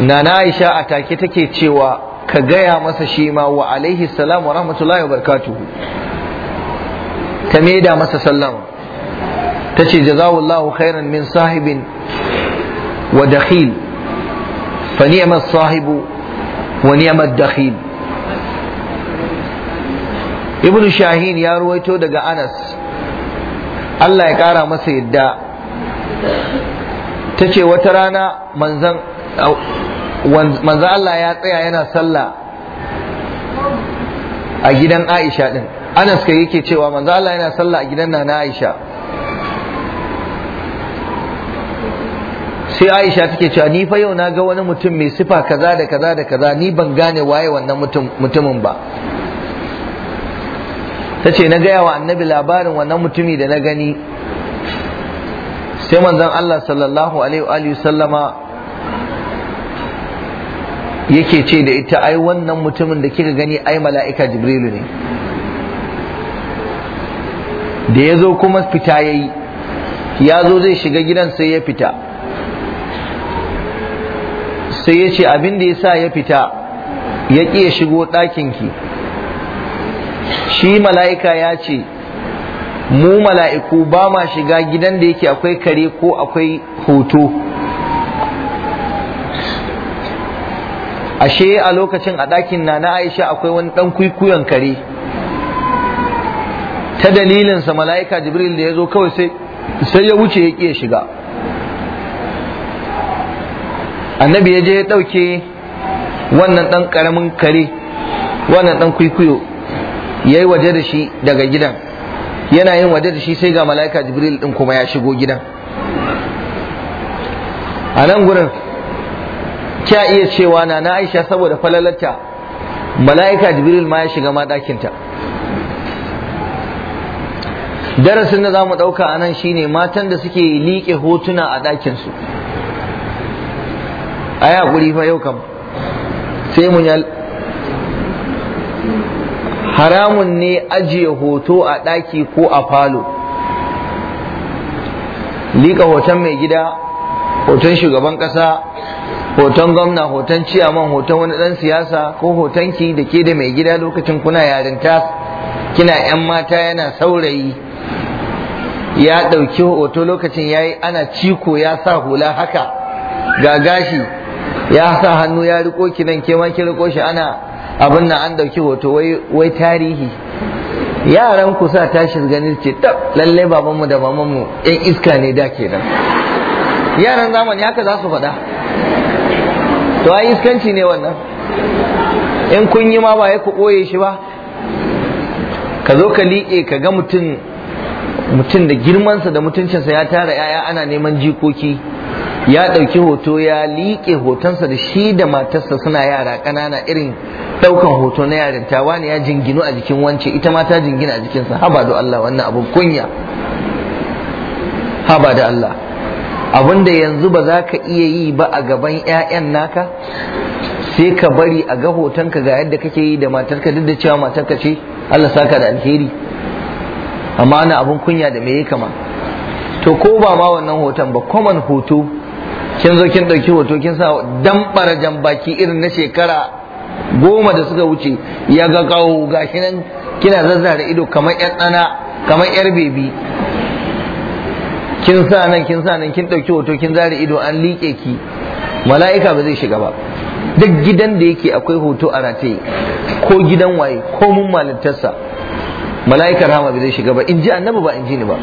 nana aisha a take take cewa ka gaya masa shi ma wa alaihi salam wa rahmatullahi wa barakatuhu ta maida masa sallama ta ce jazawallahu khairan min sahibin wa dakhil fa ni'mat sahibu wa ni'mat dakhil ibn shahin ya ruwaito daga anas Allah ya kara masa yadda ta ce wata rana manzan Allah ya tsaya yana sallah a gidan Aisha din Anas kai yake cewa manzan Allah yana sallah a gidan na Aisha sai Aisha take cewa ni fa yau na ga wani mutum mai sifa kaza da kaza da kaza ni ban gane waye wannan mutumin ba ta ce na gaya wa annabi labarin wannan mutumi da na gani sai manzon Allah sallallahu alaihi sallama yake ce da ita ai wannan mutumin da kika gani ai mala'ika jibrilu ne da ya zo kuma fita ya yi ya zo zai shiga gidan sai ya fita sai ya ce abin da ya sa ya fita ya ƙi ya shigo ɗakinki shi mala'ika ya ce mu mala'iku ba ma shiga gidan da yake akwai kare ko akwai hoto ashe a lokacin a ɗakin na na aisha akwai wani ɗan kwikwiyon kare ta dalilinsa mala'ika jibril da ya zo kawai sai ya wuce ya ƙiya shiga annabi ya je ya ɗauke wannan ɗan ƙaramin kare wannan ɗan kwikwiyo ya yi waje da shi daga gidan yana yin waje da shi sai ga mala'ika jibril din kuma ya shigo gidan a nan gurin kya iya cewa na na aisha saboda falalarta mala'ika jibril ma ya shiga ma ɗakinta darasin da za mu ɗauka a nan shine matan da suke liƙe hotuna a ɗakinsu a yi haƙuri fa yau kam sai mun haramun ne ajiye hoto a ɗaki ko a falo liƙa hoton mai gida hoton shugaban ƙasa hoton gwamna hoton ciyaman hoton wani ɗan siyasa ko hoton ki da ke da mai gida lokacin kuna yarinta kina 'yan mata yana saurayi ya ɗauki hoto lokacin ya yi ana ciko ya sa hula haka ga gashi ya sa hannu ya riko ki nan ke ma ki riko shi ana abin nan an dauki hoto wai tarihi yaran ku sa tashi gani ce tab lalle babanmu da mamanmu yan iska ne da ke nan, yaran zamani haka za su faɗa to ai iskanci ne wannan in kun yi ma ba ya ku ɓoye shi ba ka zo ka liƙe ka ga mutum da girmansa da mutuncinsa ya tara 'ya'ya ana neman jikoki ya ɗauki hoto ya liƙe hotonsa da shi da matarsa suna yara ƙanana irin ɗaukan hoto na yarinta wani ya jinginu a jikin wance ita ma ta jingina a jikinsa haba da Allah wannan abun kunya haba da Allah abun da yanzu ba za ka iya yi ba a gaban 'ya'yan naka sai ka bari a ga hotonka ga yadda kake yi da matarka duk da cewa matarka ce Allah saka da alheri amma ana abun kunya da me ya kama to ko ba ma wannan hoton ba common hoto kin zo kin ɗauki hoto kin sa dambara jambaki irin na shekara goma da suka wuce ya ga kawo gashi nan kina zazzara ido kamar yan ɗana kamar yar bebi kin sa nan kin sa nan kin ɗauki hoto kin zare ido an liƙe ki mala'ika ba zai shiga ba duk gidan da yake akwai hoto a rataye ko gidan waye ko mun malintarsa mala'ikar hama ba zai shiga ba in ji annabi ba in ji ni ba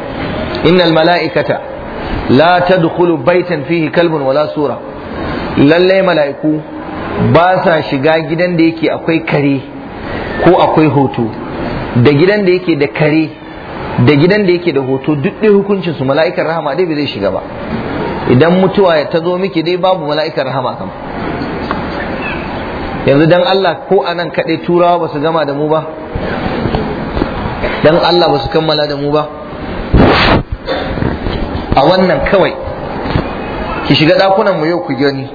innal mala'ikata la tadkhulu baitan fihi kalbun wala sura Lallai mala'iku ba sa shiga gidan da yake akwai kare ko akwai hoto da gidan da yake da kare da gidan da yake da hoto duk dai hukuncin su mala'ikar rahama dai bai zai shiga ba idan mutuwa ta zo miki dai babu mala'ikar rahama kam yanzu dan Allah ko anan kaɗai turawa ba su gama da mu ba dan Allah ba su kammala da mu ba a wannan kawai ki shiga ɗakunan mu yau ku gani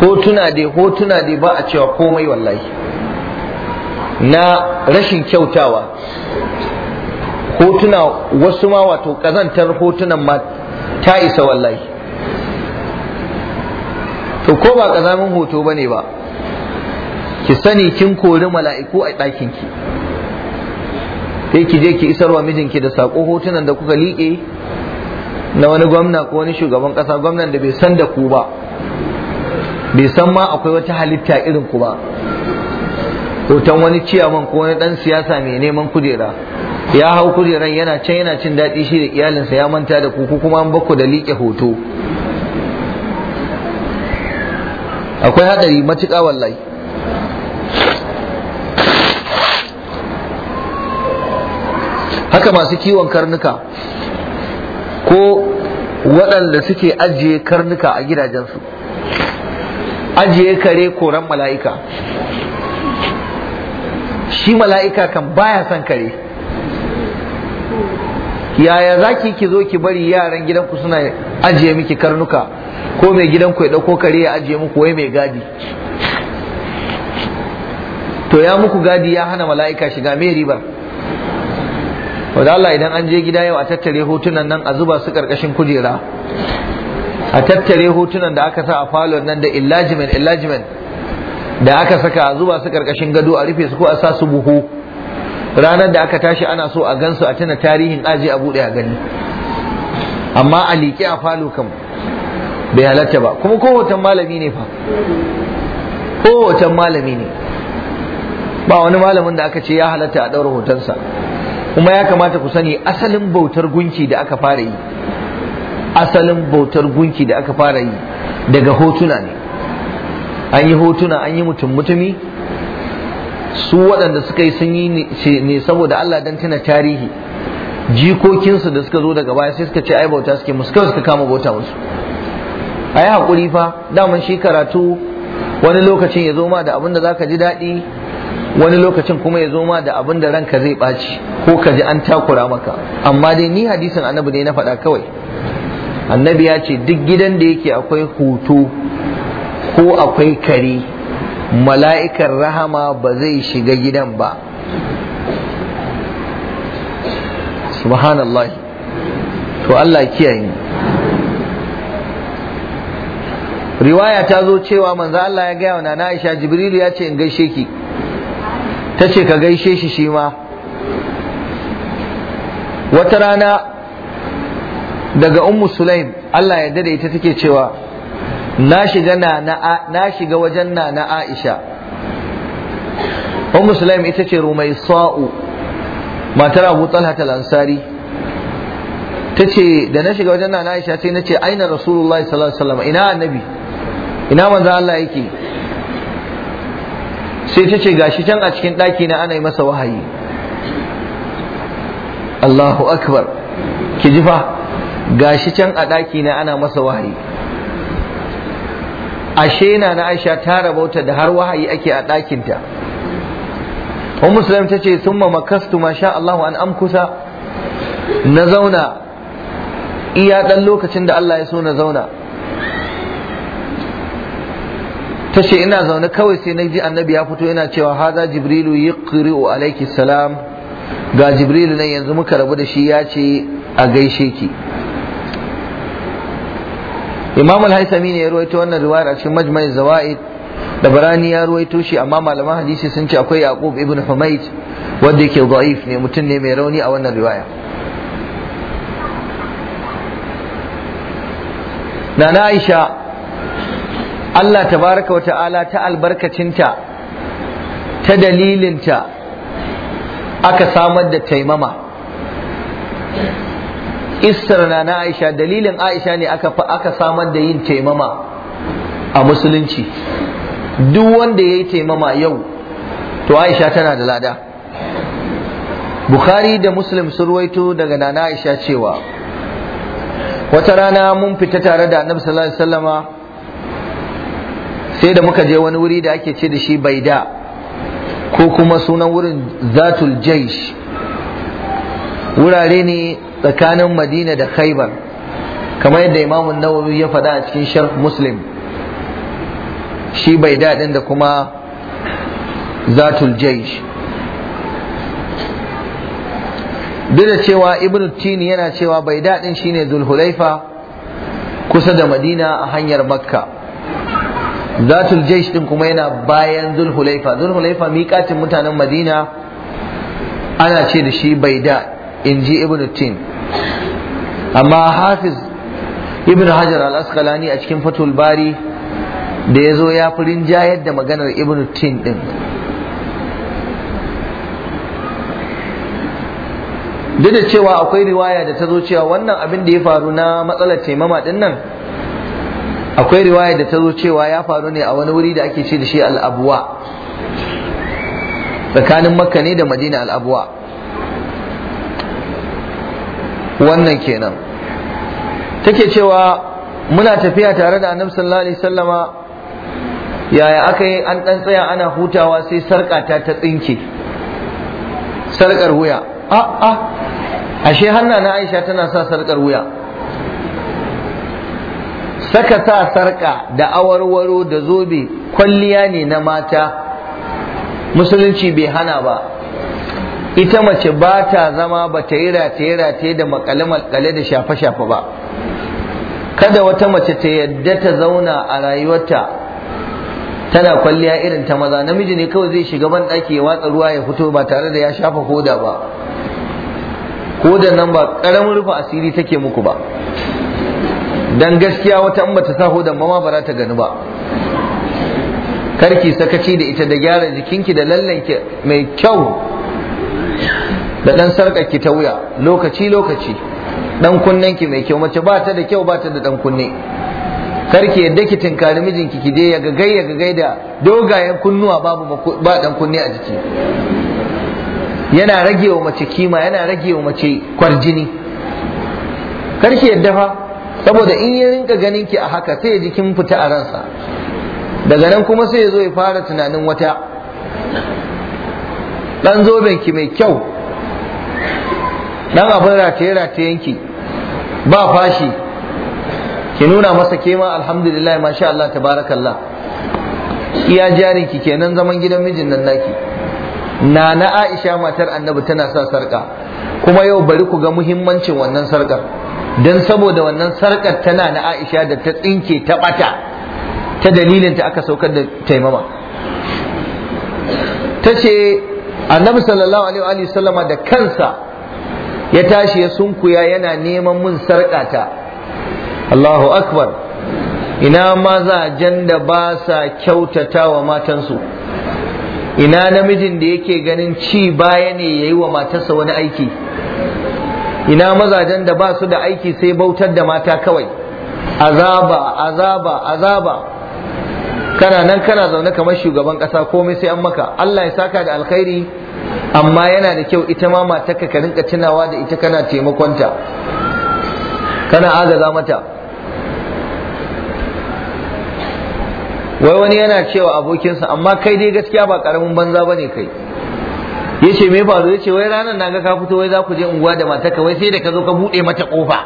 hotuna dai hotuna dai ba a cewa komai wallahi na rashin kyautawa hotuna wasu ma wato kazantar hotunan ma ta isa wallahi to ko ba kazamin hoto bane ba ki sani kin kori mala'iku a ɗakinki sai ki je ki isarwa mijinki da sako hotunan da kuka liƙe na wani gwamna ko wani shugaban kasa gwamnan da bai san da ku ba bai san ma akwai wata halitta irin ku ba hoton wani ciyaman ko wani dan siyasa mai neman kujera ya hau kujeran yana can yana cin daɗi shi da iyalinsa ya manta da ku ku kuma an bakku da liƙe hoto akwai haɗari matuƙa wallahi haka masu kiwon karnuka ko waɗanda suke ajiye karnuka a gidajensu ajiye kare koran mala'ika shi mala'ika kan baya son kare yaya za ki ki zo ki bari yaran gidanku suna ajiye miki karnuka ko mai gidanku ya ɗauko kare ya ajiye muku wai mai gadi to ya muku gadi ya hana mala'ika shiga mai ribar wadda Allah idan an je gida yau a tattare hotunan nan a zuba su karkashin kujera a tattare hotunan da aka sa a falon nan da illajimen illajimen da aka saka a zuba su karkashin gado a rufe su ko a sa su buhu ranar da aka tashi ana so a gansu a tana tarihin aji a buɗe a gani amma a liƙe a falo kam bai halatta ba kuma kowace malami ne fa kowace malami ne ba wani malamin da aka ce ya halatta a ɗaura hotonsa kuma ya kamata ku sani asalin bautar gunki da aka fara yi asalin bautar gunki da aka fara yi daga hotuna ne an yi hotuna an yi mutum mutumi su waɗanda suka yi sun yi ne saboda Allah don tana tarihi jikokinsu da suka zo daga baya sai suka ce ai bauta suke musu suka kama bauta musu a yi haƙuri fa daman shi karatu wani lokacin ya zo ma da abin da za ka ji daɗi wani lokacin kuma ya zo ma da abin da ranka zai ɓaci ko ka ji an takura maka amma dai ni hadisin annabi ne na faɗa kawai annabi ya ce duk gidan da yake akwai hoto ko akwai kare mala'ikar rahama ba zai shiga gidan ba subhanallah to Allah kiyaye riwaya ta zo cewa manzo Allah ya gaya wa nana Aisha Jibril ya ce in gaishe ki ta ce ka gaishe shi shi ma wata rana daga ummu sulaim Allah ya dade ita take cewa na shiga na na shiga wajen na na Aisha ummu sulaim ita ce rumai sa'u matar Abu Talha al-Ansari tace da na shiga wajen na na Aisha sai nace aina Rasulullahi sallallahu alaihi wasallam ina annabi ina manzo Allah yake sai ta ce gashi can a cikin ɗaki na ana yi masa wahayi Allahu akbar ki ji gashi can a ɗaki na ana masa wahayi ashe na na Aisha ta rabauta da har wahayi ake a ɗakinta wa umm musulun ta ce sun makastu masha Allahu an amkusa na zauna iya ɗan lokacin da Allah ya so na zauna ta ina zaune kawai sai na ji annabi ya fito yana cewa haza jibrilu yaqri'u alayki salam ga jibrilu nan yanzu muka rabu da shi ya ce a gaishe ki imam al-haisami ne ya ruwaito wannan riwayar a cikin majmai zawaid da barani ya ruwaito shi amma malaman hadisi sun ce akwai yaqub ibn humayd wanda yake da'if ne mutum ne mai rauni a wannan riwaya Nana aisha Allah tabaraka wa ta'ala ta albarkacinta ta dalilinta aka samar da taimama isra na Aisha dalilin Aisha ne aka aka samar da yin taimama a musulunci duk wanda ya yi taimama yau to Aisha tana da lada Bukhari da Muslim surwaito ruwaito daga Nana Aisha cewa wata rana mun fita tare da Annabi sallallahu alaihi wasallama sai da muka je wani wuri da ake ce da shi baida ko kuma sunan wurin zatul jaish wurare ne tsakanin madina da khaibar kamar yadda imamun nawawi ya faɗa a cikin sharh muslim shi bai daɗin da kuma zatul jaish duk cewa ibn tini yana cewa bai daɗin shine zulhulaifa kusa da madina a hanyar makka zatul jaish din kuma yana bayan zul hulaifa miƙacin mutanen madina ana ce da shi bai da in ji ibn tin amma hafiz ibn hajar al-asqalani a cikin fatul bari da ya zo ya fi rinjayar da maganar ibn tin din duk da cewa akwai riwaya da ta zo cewa wannan abin da ya faru na matsalar taimama din nan akwai riwaya da ta zo cewa ya faru ne a wani wuri da ake ce da shi al'abuwa tsakanin makka ne da madina al'abuwa wannan kenan take cewa muna tafiya tare da annabi sallallahu alaihi sallama yaya aka yi an ɗan tsaya ana hutawa sai sarƙa ta ta tsinke sarƙar wuya a ah, a ah. ashe hannana aisha tana sa sarƙar wuya saka sa sarka da awarwaro da zobe kwalliya ne na mata musulunci bai hana ba ita mace ba ta zama ba ta yi rataye rataye da makale-makale da shafe-shafe ba kada wata mace ta yadda ta zauna a rayuwarta tana kwalliya irin ta maza namiji ne kawai zai shiga ban ɗaki ya watsa ruwa ya fito ba tare da ya shafa koda ba koda nan ba ƙaramin rufe asiri take muku ba dan gaskiya wata in ta sa hudan ma ba ta gani ba karki sakaci da ita da gyara jikinki da lallanki mai kyau da dan sarkarki ta wuya lokaci lokaci dan kunnenki mai kyau mace ba ta da kyau ba ta da dan kunne karki yadda ki tinkari mijinki ki je ya gagai ya gagai da dogayen kunnuwa babu ba dan kunne a jiki yana rage wa mace kima yana rage wa mace kwarjini karki yadda fa saboda in ya rinka ganin ki a haka sai ya ji kin fita a ransa daga nan kuma sai ya zo ya fara tunanin wata dan zoben ki mai kyau dan abin rataye ratayen ki ba fashi ki nuna masa kema alhamdulillah masha Allah tabarakallah iya jarin ki kenan zaman gidan mijin nan naki na na Aisha matar Annabi tana sa sarka kuma yau bari ku ga muhimmancin wannan sarkar don saboda wannan sarƙar tana na aisha da ta tsinke ta ɓata ta dalilin ta aka saukar da taimama ta ce annabi sallallahu alaihi wa sallama da kansa ya tashi ya sunkuya yana neman mun sarƙata Allahu akbar ina mazajen da ba sa kyautata wa matansu ina namijin da yake ganin ci baya ne ya yi wa matarsa wani aiki ina mazajen da ba su da aiki sai bautar da mata kawai azaba azaba azaba kana nan kana zaune kamar shugaban kasa komai sai an maka Allah ya saka da alkhairi amma yana da kyau ita ma matarka ka rinka tunawa da ita kana taimakonta kana agaza mata wai wani yana cewa abokinsa amma kai dai gaskiya ba karamin banza bane kai ya ce me faru ya ce wai ranar na ga ka fito wai za ku je unguwa da matarka wai sai da ka zo ka buɗe mata ƙofa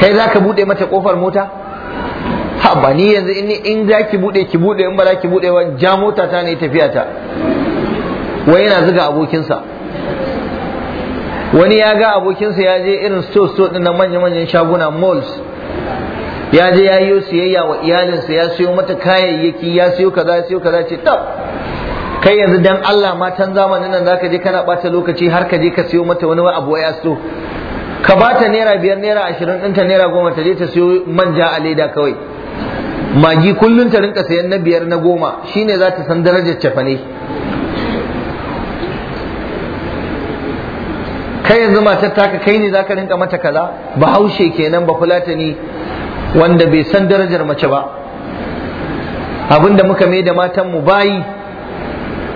kai za ka buɗe mata ƙofar mota ha ba ni yanzu in in za ki buɗe ki buɗe in ba za ki buɗe wa ja mota ta ne tafiya ta wai yana zuga abokinsa wani ya ga abokinsa ya je irin store store ɗin na manya-manyan shaguna malls ya je ya yi siyayya wa iyalinsa ya siyo mata kayayyaki ya siyo kaza ya siyo kaza ce tab kai yanzu dan Allah ma can zamanin nan zaka je kana bata lokaci har ka je ka siyo mata wani abu ya so ka bata naira biyar naira ashirin ta naira goma ta je ta siyo manja a leda kawai magi kullun ta rinka sayan na biyar na goma shine za ta san darajar cefane kai yanzu matar taka kai ne zaka rinka mata kaza ba haushe kenan ba ni wanda bai san darajar mace ba abinda muka mai da mu bayi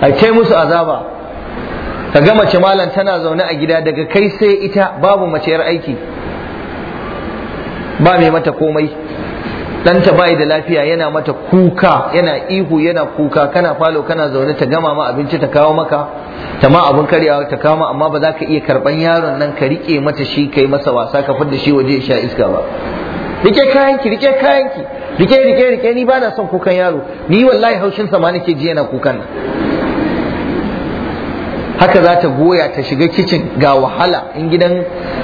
a kai musu azaba ka ga mace malam tana zaune a gida daga kai sai ita babu mace yar aiki ba mai mata komai ɗanta bai da lafiya yana mata kuka yana ihu yana kuka kana falo kana zaune ta gama ma abinci ta kawo maka ta ma abin karyawa ta kawo ma amma ba za ka iya karban yaron nan ka rike mata shi kai masa wasa ka fadda shi waje ya sha iska ba rike kayanki rike kayanki rike rike rike ni ba na son kukan yaro ni wallahi haushin sa ma nake ji yana kukan haka za ta goya ta shiga kicin ga wahala in gidan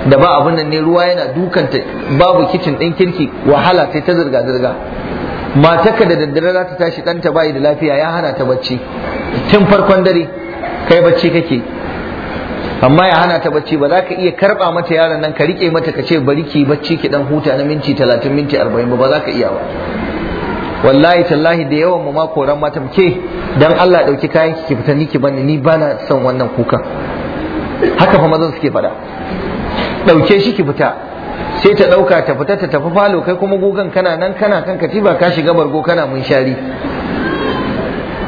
da ba abin nan ne ruwa yana dukanta babu kicin ɗin kirki wahala sai ta zirga-zirga mataka da daddare za ta tashi ɗanta bayi da lafiya ya hana ta bacci tun farkon dare kai bacci kake amma ya hana ta bacci ba za ka iya karba mata yaron nan ka rike mata ka ce bari ki bacci ki dan huta na minti talatin minti arba'in ba ba za ka iya ba wallahi tallahi da yawan mu ma koran muke, dan Allah dauki kayan ki fita ni ki bani ni bana son wannan kuka haka fa mazan suke faɗa dauke shi ki fita sai ta dauka ta fita ta tafi falo kai kuma gugan kana nan kana kan katiba ka shiga bargo kana mun shari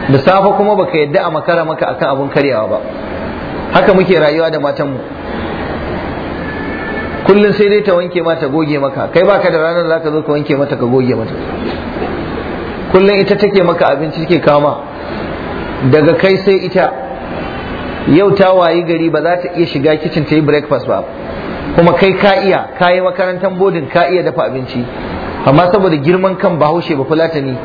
da safe kuma baka yadda a makara maka akan abun karyawa ba haka muke rayuwa da matanmu kullum sai dai ta wanke ma goge maka kai baka da ranar zaka zo ka wanke mata ka goge mata kullum ita take maka abinci take kama daga kai sai ita yau ta wayi gari ba za ta iya shiga kicin ta yi breakfast ba kuma kai ka iya ka yi makarantar bodin ka iya dafa abinci amma saboda girman kan bahaushe ba fulatani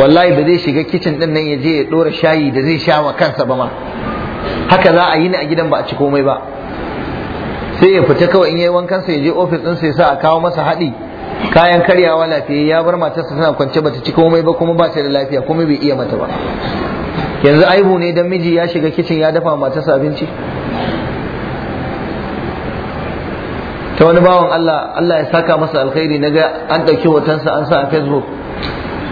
wallahi ba zai shiga kicin din nan ya je ya dora shayi da zai sha wa kansa ba ma haka za a yi ni a gidan ba a ci komai ba sai ya fita kawai in yayi wankan sa ya je ofis din sa ya sa a kawo masa haɗi kayan karyawa lafiya ya bar matarsa tana kwance bata ci komai ba kuma ba ta da lafiya kuma bai iya mata ba yanzu aibu ne dan miji ya shiga kicin ya dafa matarsa abinci ta wani bawan Allah Allah ya saka masa alkhairi na ga an ɗauki hotonsa an sa a facebook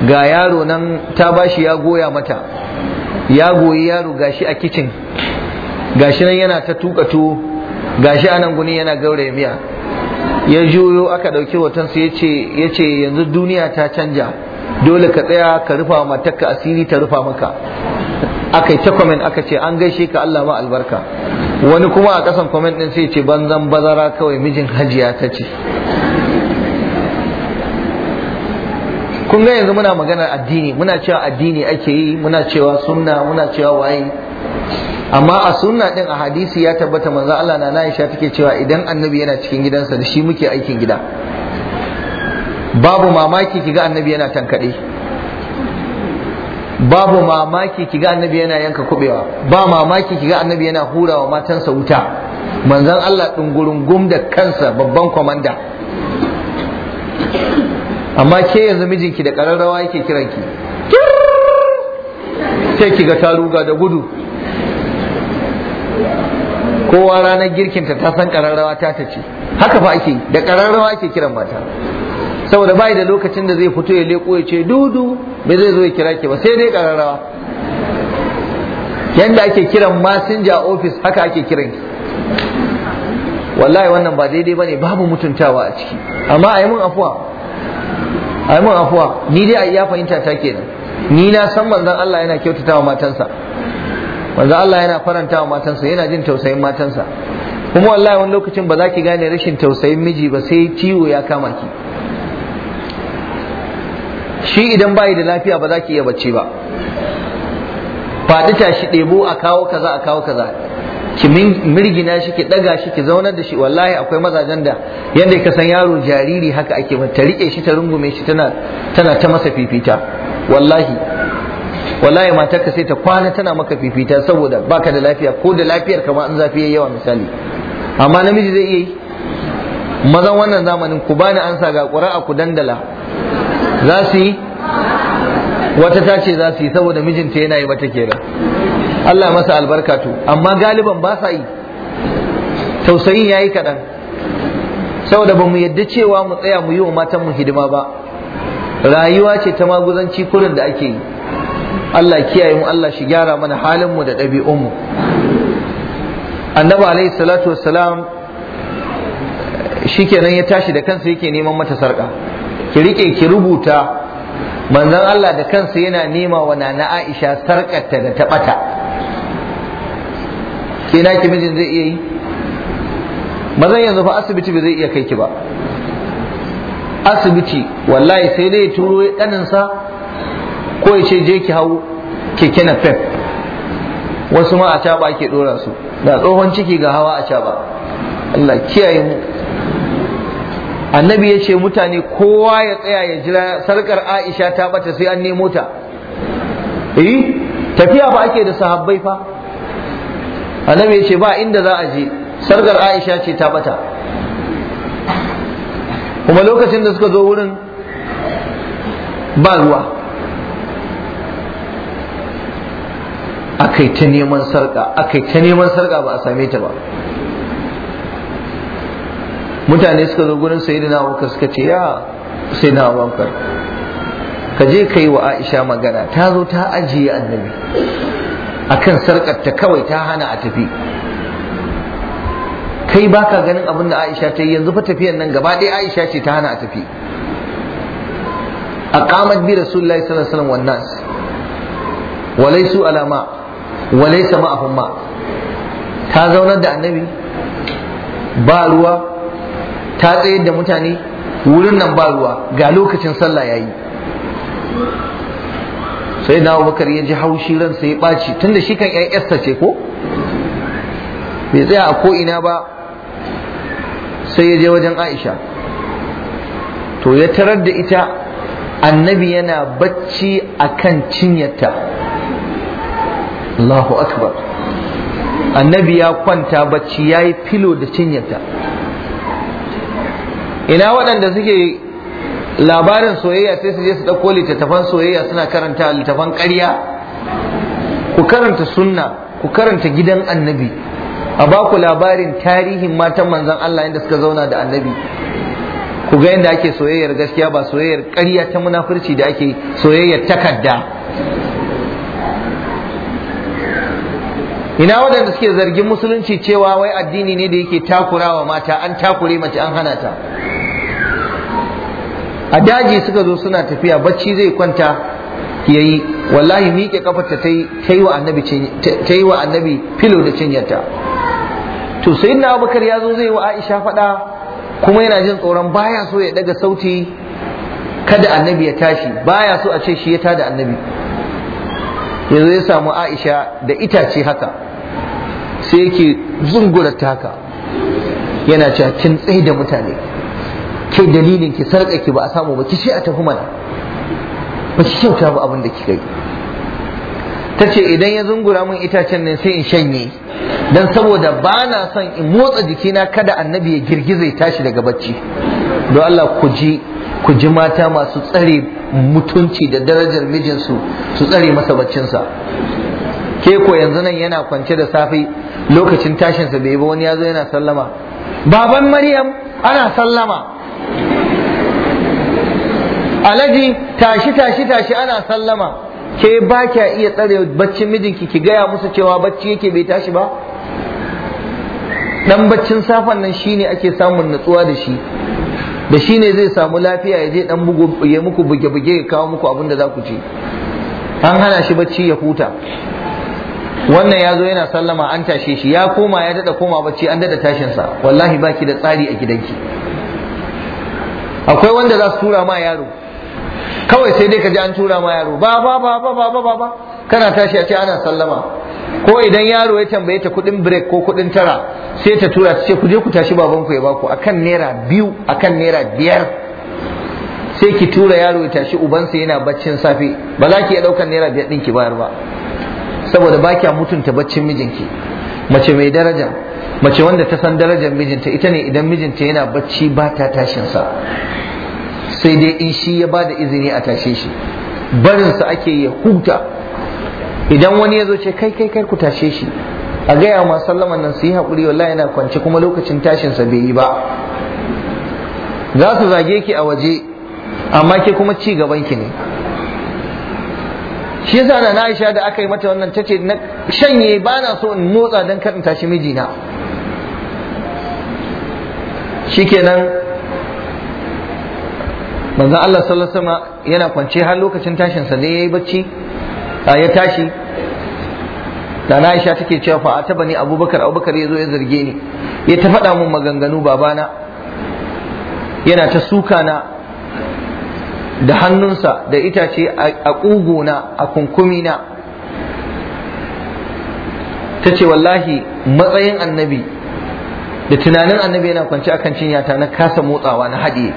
ga yaro nan ta bashi ya goya mata ya goyi yaro gashi a kicin gashi nan yana ta tuka tuwo gashi a nan guni yana gauraya miya ya juyo aka ɗauki hotonsa su ya ce yanzu duniya ta canja dole ka tsaya ka rufa matakka asiri ta rufa maka aka yi ta comment aka ce an gaishe ka Allah ma albarka wani kuma a ƙasan comment ɗin sai ce banzan bazara kawai mijin hajiya ta ce kun ga yanzu muna maganar addini muna cewa addini ake yi muna cewa sunna muna cewa waye amma a sunna din a hadisi ya tabbata manzo Allah na nayi Aisha take cewa idan annabi yana cikin gidansa da shi muke aikin gida babu mamaki kiga annabi yana tankade babu mamaki kiga annabi yana yanka kubewa ba mamaki kiga annabi yana hurawa matansa wuta manzon Allah gum da kansa babban komanda amma ke yanzu mijinki da kararrawa yake kiranki sai kiga ta ruga da gudu kowa ranar girkinta ta san kararrawa ta ta ce haka fa ake da kararrawa ake kiran mata saboda bai da lokacin da zai fito ya leko ya ce dudu me zai zo ya kira ki ba sai dai kararrawa yanda ake kiran masinja office haka ake kiran ki wallahi wannan ba daidai bane babu mutuntawa a ciki amma a yi mun afuwa a yi mun afuwa ni dai a iya fahimta ta kenan ni na san manzon Allah yana kyautatawa matansa manzo Allah yana faranta wa matansa yana jin tausayin matansa kuma wallahi wani lokacin ba za ki gane rashin tausayin miji ba sai ciwo ya kama ki shi idan bayi da lafiya ba za ki iya bacci ba faɗi tashi ɗebo a kawo kaza a kawo kaza ki mirgina shi ki ɗaga shi ki zaunar da shi wallahi akwai mazajen da yadda ka san yaro jariri haka ake ta riƙe shi ta rungume shi tana ta masa fifita wallahi wallahi ka sai ta kwana tana maka fifita saboda baka da lafiya ko da lafiyar kama an zafi yawa misali amma namiji zai iya yi mazan wannan zamanin ku bani ansa ga ƙura'a ku dandala za su yi wata ta ce za su yi saboda mijinta yana yi mata kenan Allah masa albarka to amma galiban ba sa yi tausayin yayi kaɗan saboda ba mu yadda cewa mu tsaya mu yi wa matan mu hidima ba rayuwa ce ta maguzanci kurin da ake yi Allah kiyaye mu Allah shi gyara mana halin mu da ɗabi'un mu annabi alaihi salatu wassalam shikenan ya tashi da kansa yake neman mata sarka ki rike ki rubuta manzon Allah da kansa yana nema wa nana Aisha ta da ta kina ki mijin zai iya yi bazan yanzu fa asibiti bai zai iya kai ki ba asibiti wallahi sai dai turo sa ko ya ce je ki hau keke na pep wasu ma a caba ake dora su da tsohon ciki ga hawa a caba Allah kiyaye mu annabi ya ce mutane kowa ya tsaya ya jira sarkar aisha ta bata sai an nemo ta eh tafiya ba ake da sahabbai fa annabi ya ce ba inda za a je sarkar aisha ce ta bata kuma lokacin da suka zo wurin ba ruwa aka yi ta neman sarka aka yi ta neman sarka ba a same ta ba mutane suka zo gurin sayyidina abubakar suka ce ya sayyidina abubakar ka je ka yi wa aisha magana ta zo ta ajiye annabi akan sarkar ta kawai ta hana a tafi kai baka ganin abin da aisha ta yi yanzu fa tafiyan nan gaba ɗaya aisha ce ta hana a tafi aqamat bi rasulullahi sallallahu alaihi wasallam wan nas wa alama walaysa ma'ahum ma ta zaunar da annabi ba ruwa ta tsayar da mutane wurin nan ba ruwa ga lokacin sallah yayi sai na bakar ya ji haushi ran sai ya ɓaci tunda shi kan ƴan ce ko bai tsaya a ko'ina ba sai ya je wajen Aisha to ya tarar da ita annabi yana bacci akan cinyarta Allahu akbar annabi ya kwanta bacci ya yi filo da cinyata ina waɗanda suke labarin soyayya sai su je su ɗauko littattafan soyayya suna karanta littattafan ƙarya ku karanta sunna ku karanta gidan annabi a ba ku labarin tarihin matan manzan Allah inda suka zauna da annabi ku ga yadda ake soyayyar gaskiya ba soyayyar ƙarya ta munafurci da ake soyayyar takarda ina wadanda suke zargin musulunci cewa wai addini ne da yake takura wa mata an takure mace an hana ta a daji suka zo suna tafiya bacci zai kwanta ya yi wallahi miƙe kafarta ta yi wa annabi filo da cinyarta to sai na abubakar ya zo zai wa aisha faɗa kuma yana jin tsoron baya so ya daga sauti kada annabi ya tashi baya so a ce shi ya tada annabi Yanzu ya samu aisha da itace haka sai yake zungura taka yana cewa kin tsaye da mutane ke dalilin ki sarƙa ki ba a samu ba ki ce a tafi mana ba ki kyauta ba abin da kika yi ta ce idan ya zungura min itacen nan sai in shanye don saboda ba na son in motsa jikina kada annabi ya girgiza ya tashi daga bacci don Allah ku ji ku ji mata masu tsare mutunci da darajar mijinsu su tsare masa baccinsa ke ko yanzu nan yana kwance da safe lokacin tashinsa bai ba wani ya zo yana sallama baban maryam ana sallama alaji tashi tashi tashi ana sallama ke ba kya iya tsare baccin mijinki ki gaya musu cewa bacci yake bai tashi ba dan baccin safan nan shine ake samun natsuwa da shi da shi ne zai samu lafiya ya je dan bugu ya muku buge-buge ya kawo muku abin da za ku ci an hana shi bacci ya huta wannan ya zo yana sallama an tashe shi ya koma ya dada koma bacci an dada tashinsa wallahi baki da tsari a gidanki akwai wanda za su tura ma yaro kawai sai dai ka ji an tura ma yaro ba ba ba ba ba ba ba kana tashi a ce ana sallama ko idan yaro ya tambaye ta kuɗin break ko kuɗin tara sai ta tura ta ce ku je ku tashi baban ku ya baku akan naira biyu akan naira biyar sai ki tura yaro ya tashi ubansa yana baccin safe ba za ki iya daukan naira biyar din ki bayar ba saboda ba kya mutunta baccin mijinki mace mai daraja mace wanda ta san darajar mijinta ita ne idan mijinta yana bacci ba ta tashin sa sai dai in shi ya ba da izini a tashe shi barinsa ake ya huta idan wani ya zo ce kai kai kai ku tashe shi a gaya ma sallama nan su yi haƙuri wallahi yana kwance kuma lokacin tashinsa bai yi ba za su zage ki a waje amma ke kuma ci gaban ki ne shi yasa na Aisha da aka yi mata wannan tace na shanye ba na so in motsa dan karin tashi mijina shikenan manzo Allah sallallahu alaihi wasallam yana kwance har lokacin tashin sa ne yayi bacci ya tashi da na Aisha take cewa fa ataba ni Abubakar Abubakar ya zo ya zarge ni ya ta faɗa mun maganganu babana yana ta suka na da hannunsa da itace a ƙugona a kunkumina ta ce wallahi matsayin annabi da tunanin annabi yana kwanci akan cinyata na kasa motsawa na haɗe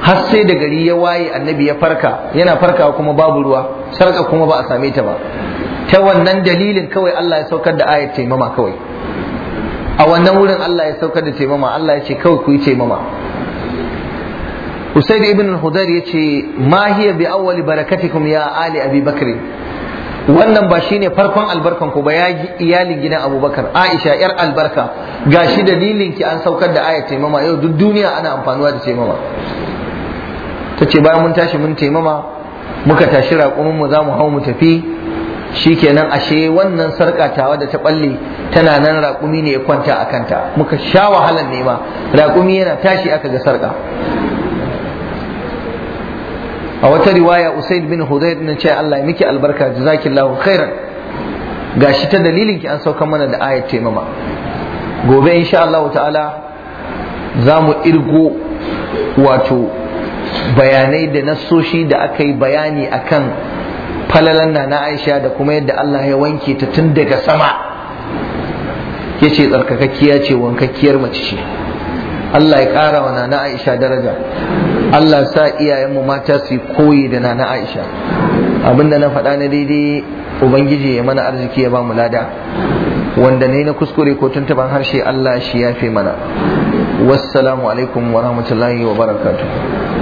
har sai da gari ya waye annabi ya farka yana farkawa kuma babu ruwa sarƙa kuma ba a same ta ba ta wannan dalilin kawai Allah ya saukar da ayat taimama kawai a wannan wurin Allah ya saukar da taimama Allah ya ce kawai ku yi taimama usaid ibn al ya yace ma hiya bi awwali barakatikum ya ali abi bakr wannan ba shine farkon albarkan ku ba ya iyalin gidan abubakar aisha yar albarka gashi dalilin ki an saukar da ayat taimama yau duk duniya ana amfanuwa da taimama tace bayan mun tashi mun taimama muka tashi raƙumin mu za mu hau mu tafi shikenan ashe wannan tawa da ta balle tana nan raƙumi ne ya kwanta a kanta muka sha wahalar nema raƙumi yana tashi aka ga sarƙa. a wata riwaya usaid bin hudayr na ce Allah ya miki albarka jazakillahu khairan gashi ta dalilin ki an sauka mana da ayat taimama gobe insha Allah ta'ala za mu irgo wato bayanai da nassoshi da aka yi bayani akan falalan na na Aisha da kuma yadda Allah ya wanke ta tun daga sama yace tsarkakakkiya ce wankakkiyar mace ce Allah ya ƙara wa nana Aisha daraja Allah sa iyayenmu mata su koyi da nana Aisha abinda na faɗa na daidai ubangiji ya mana arziki ya ba mu lada wanda ne na kuskure ko tuntuban harshe Allah shi yafe mana wassalamu alaikum wa rahmatullahi wa barakatuh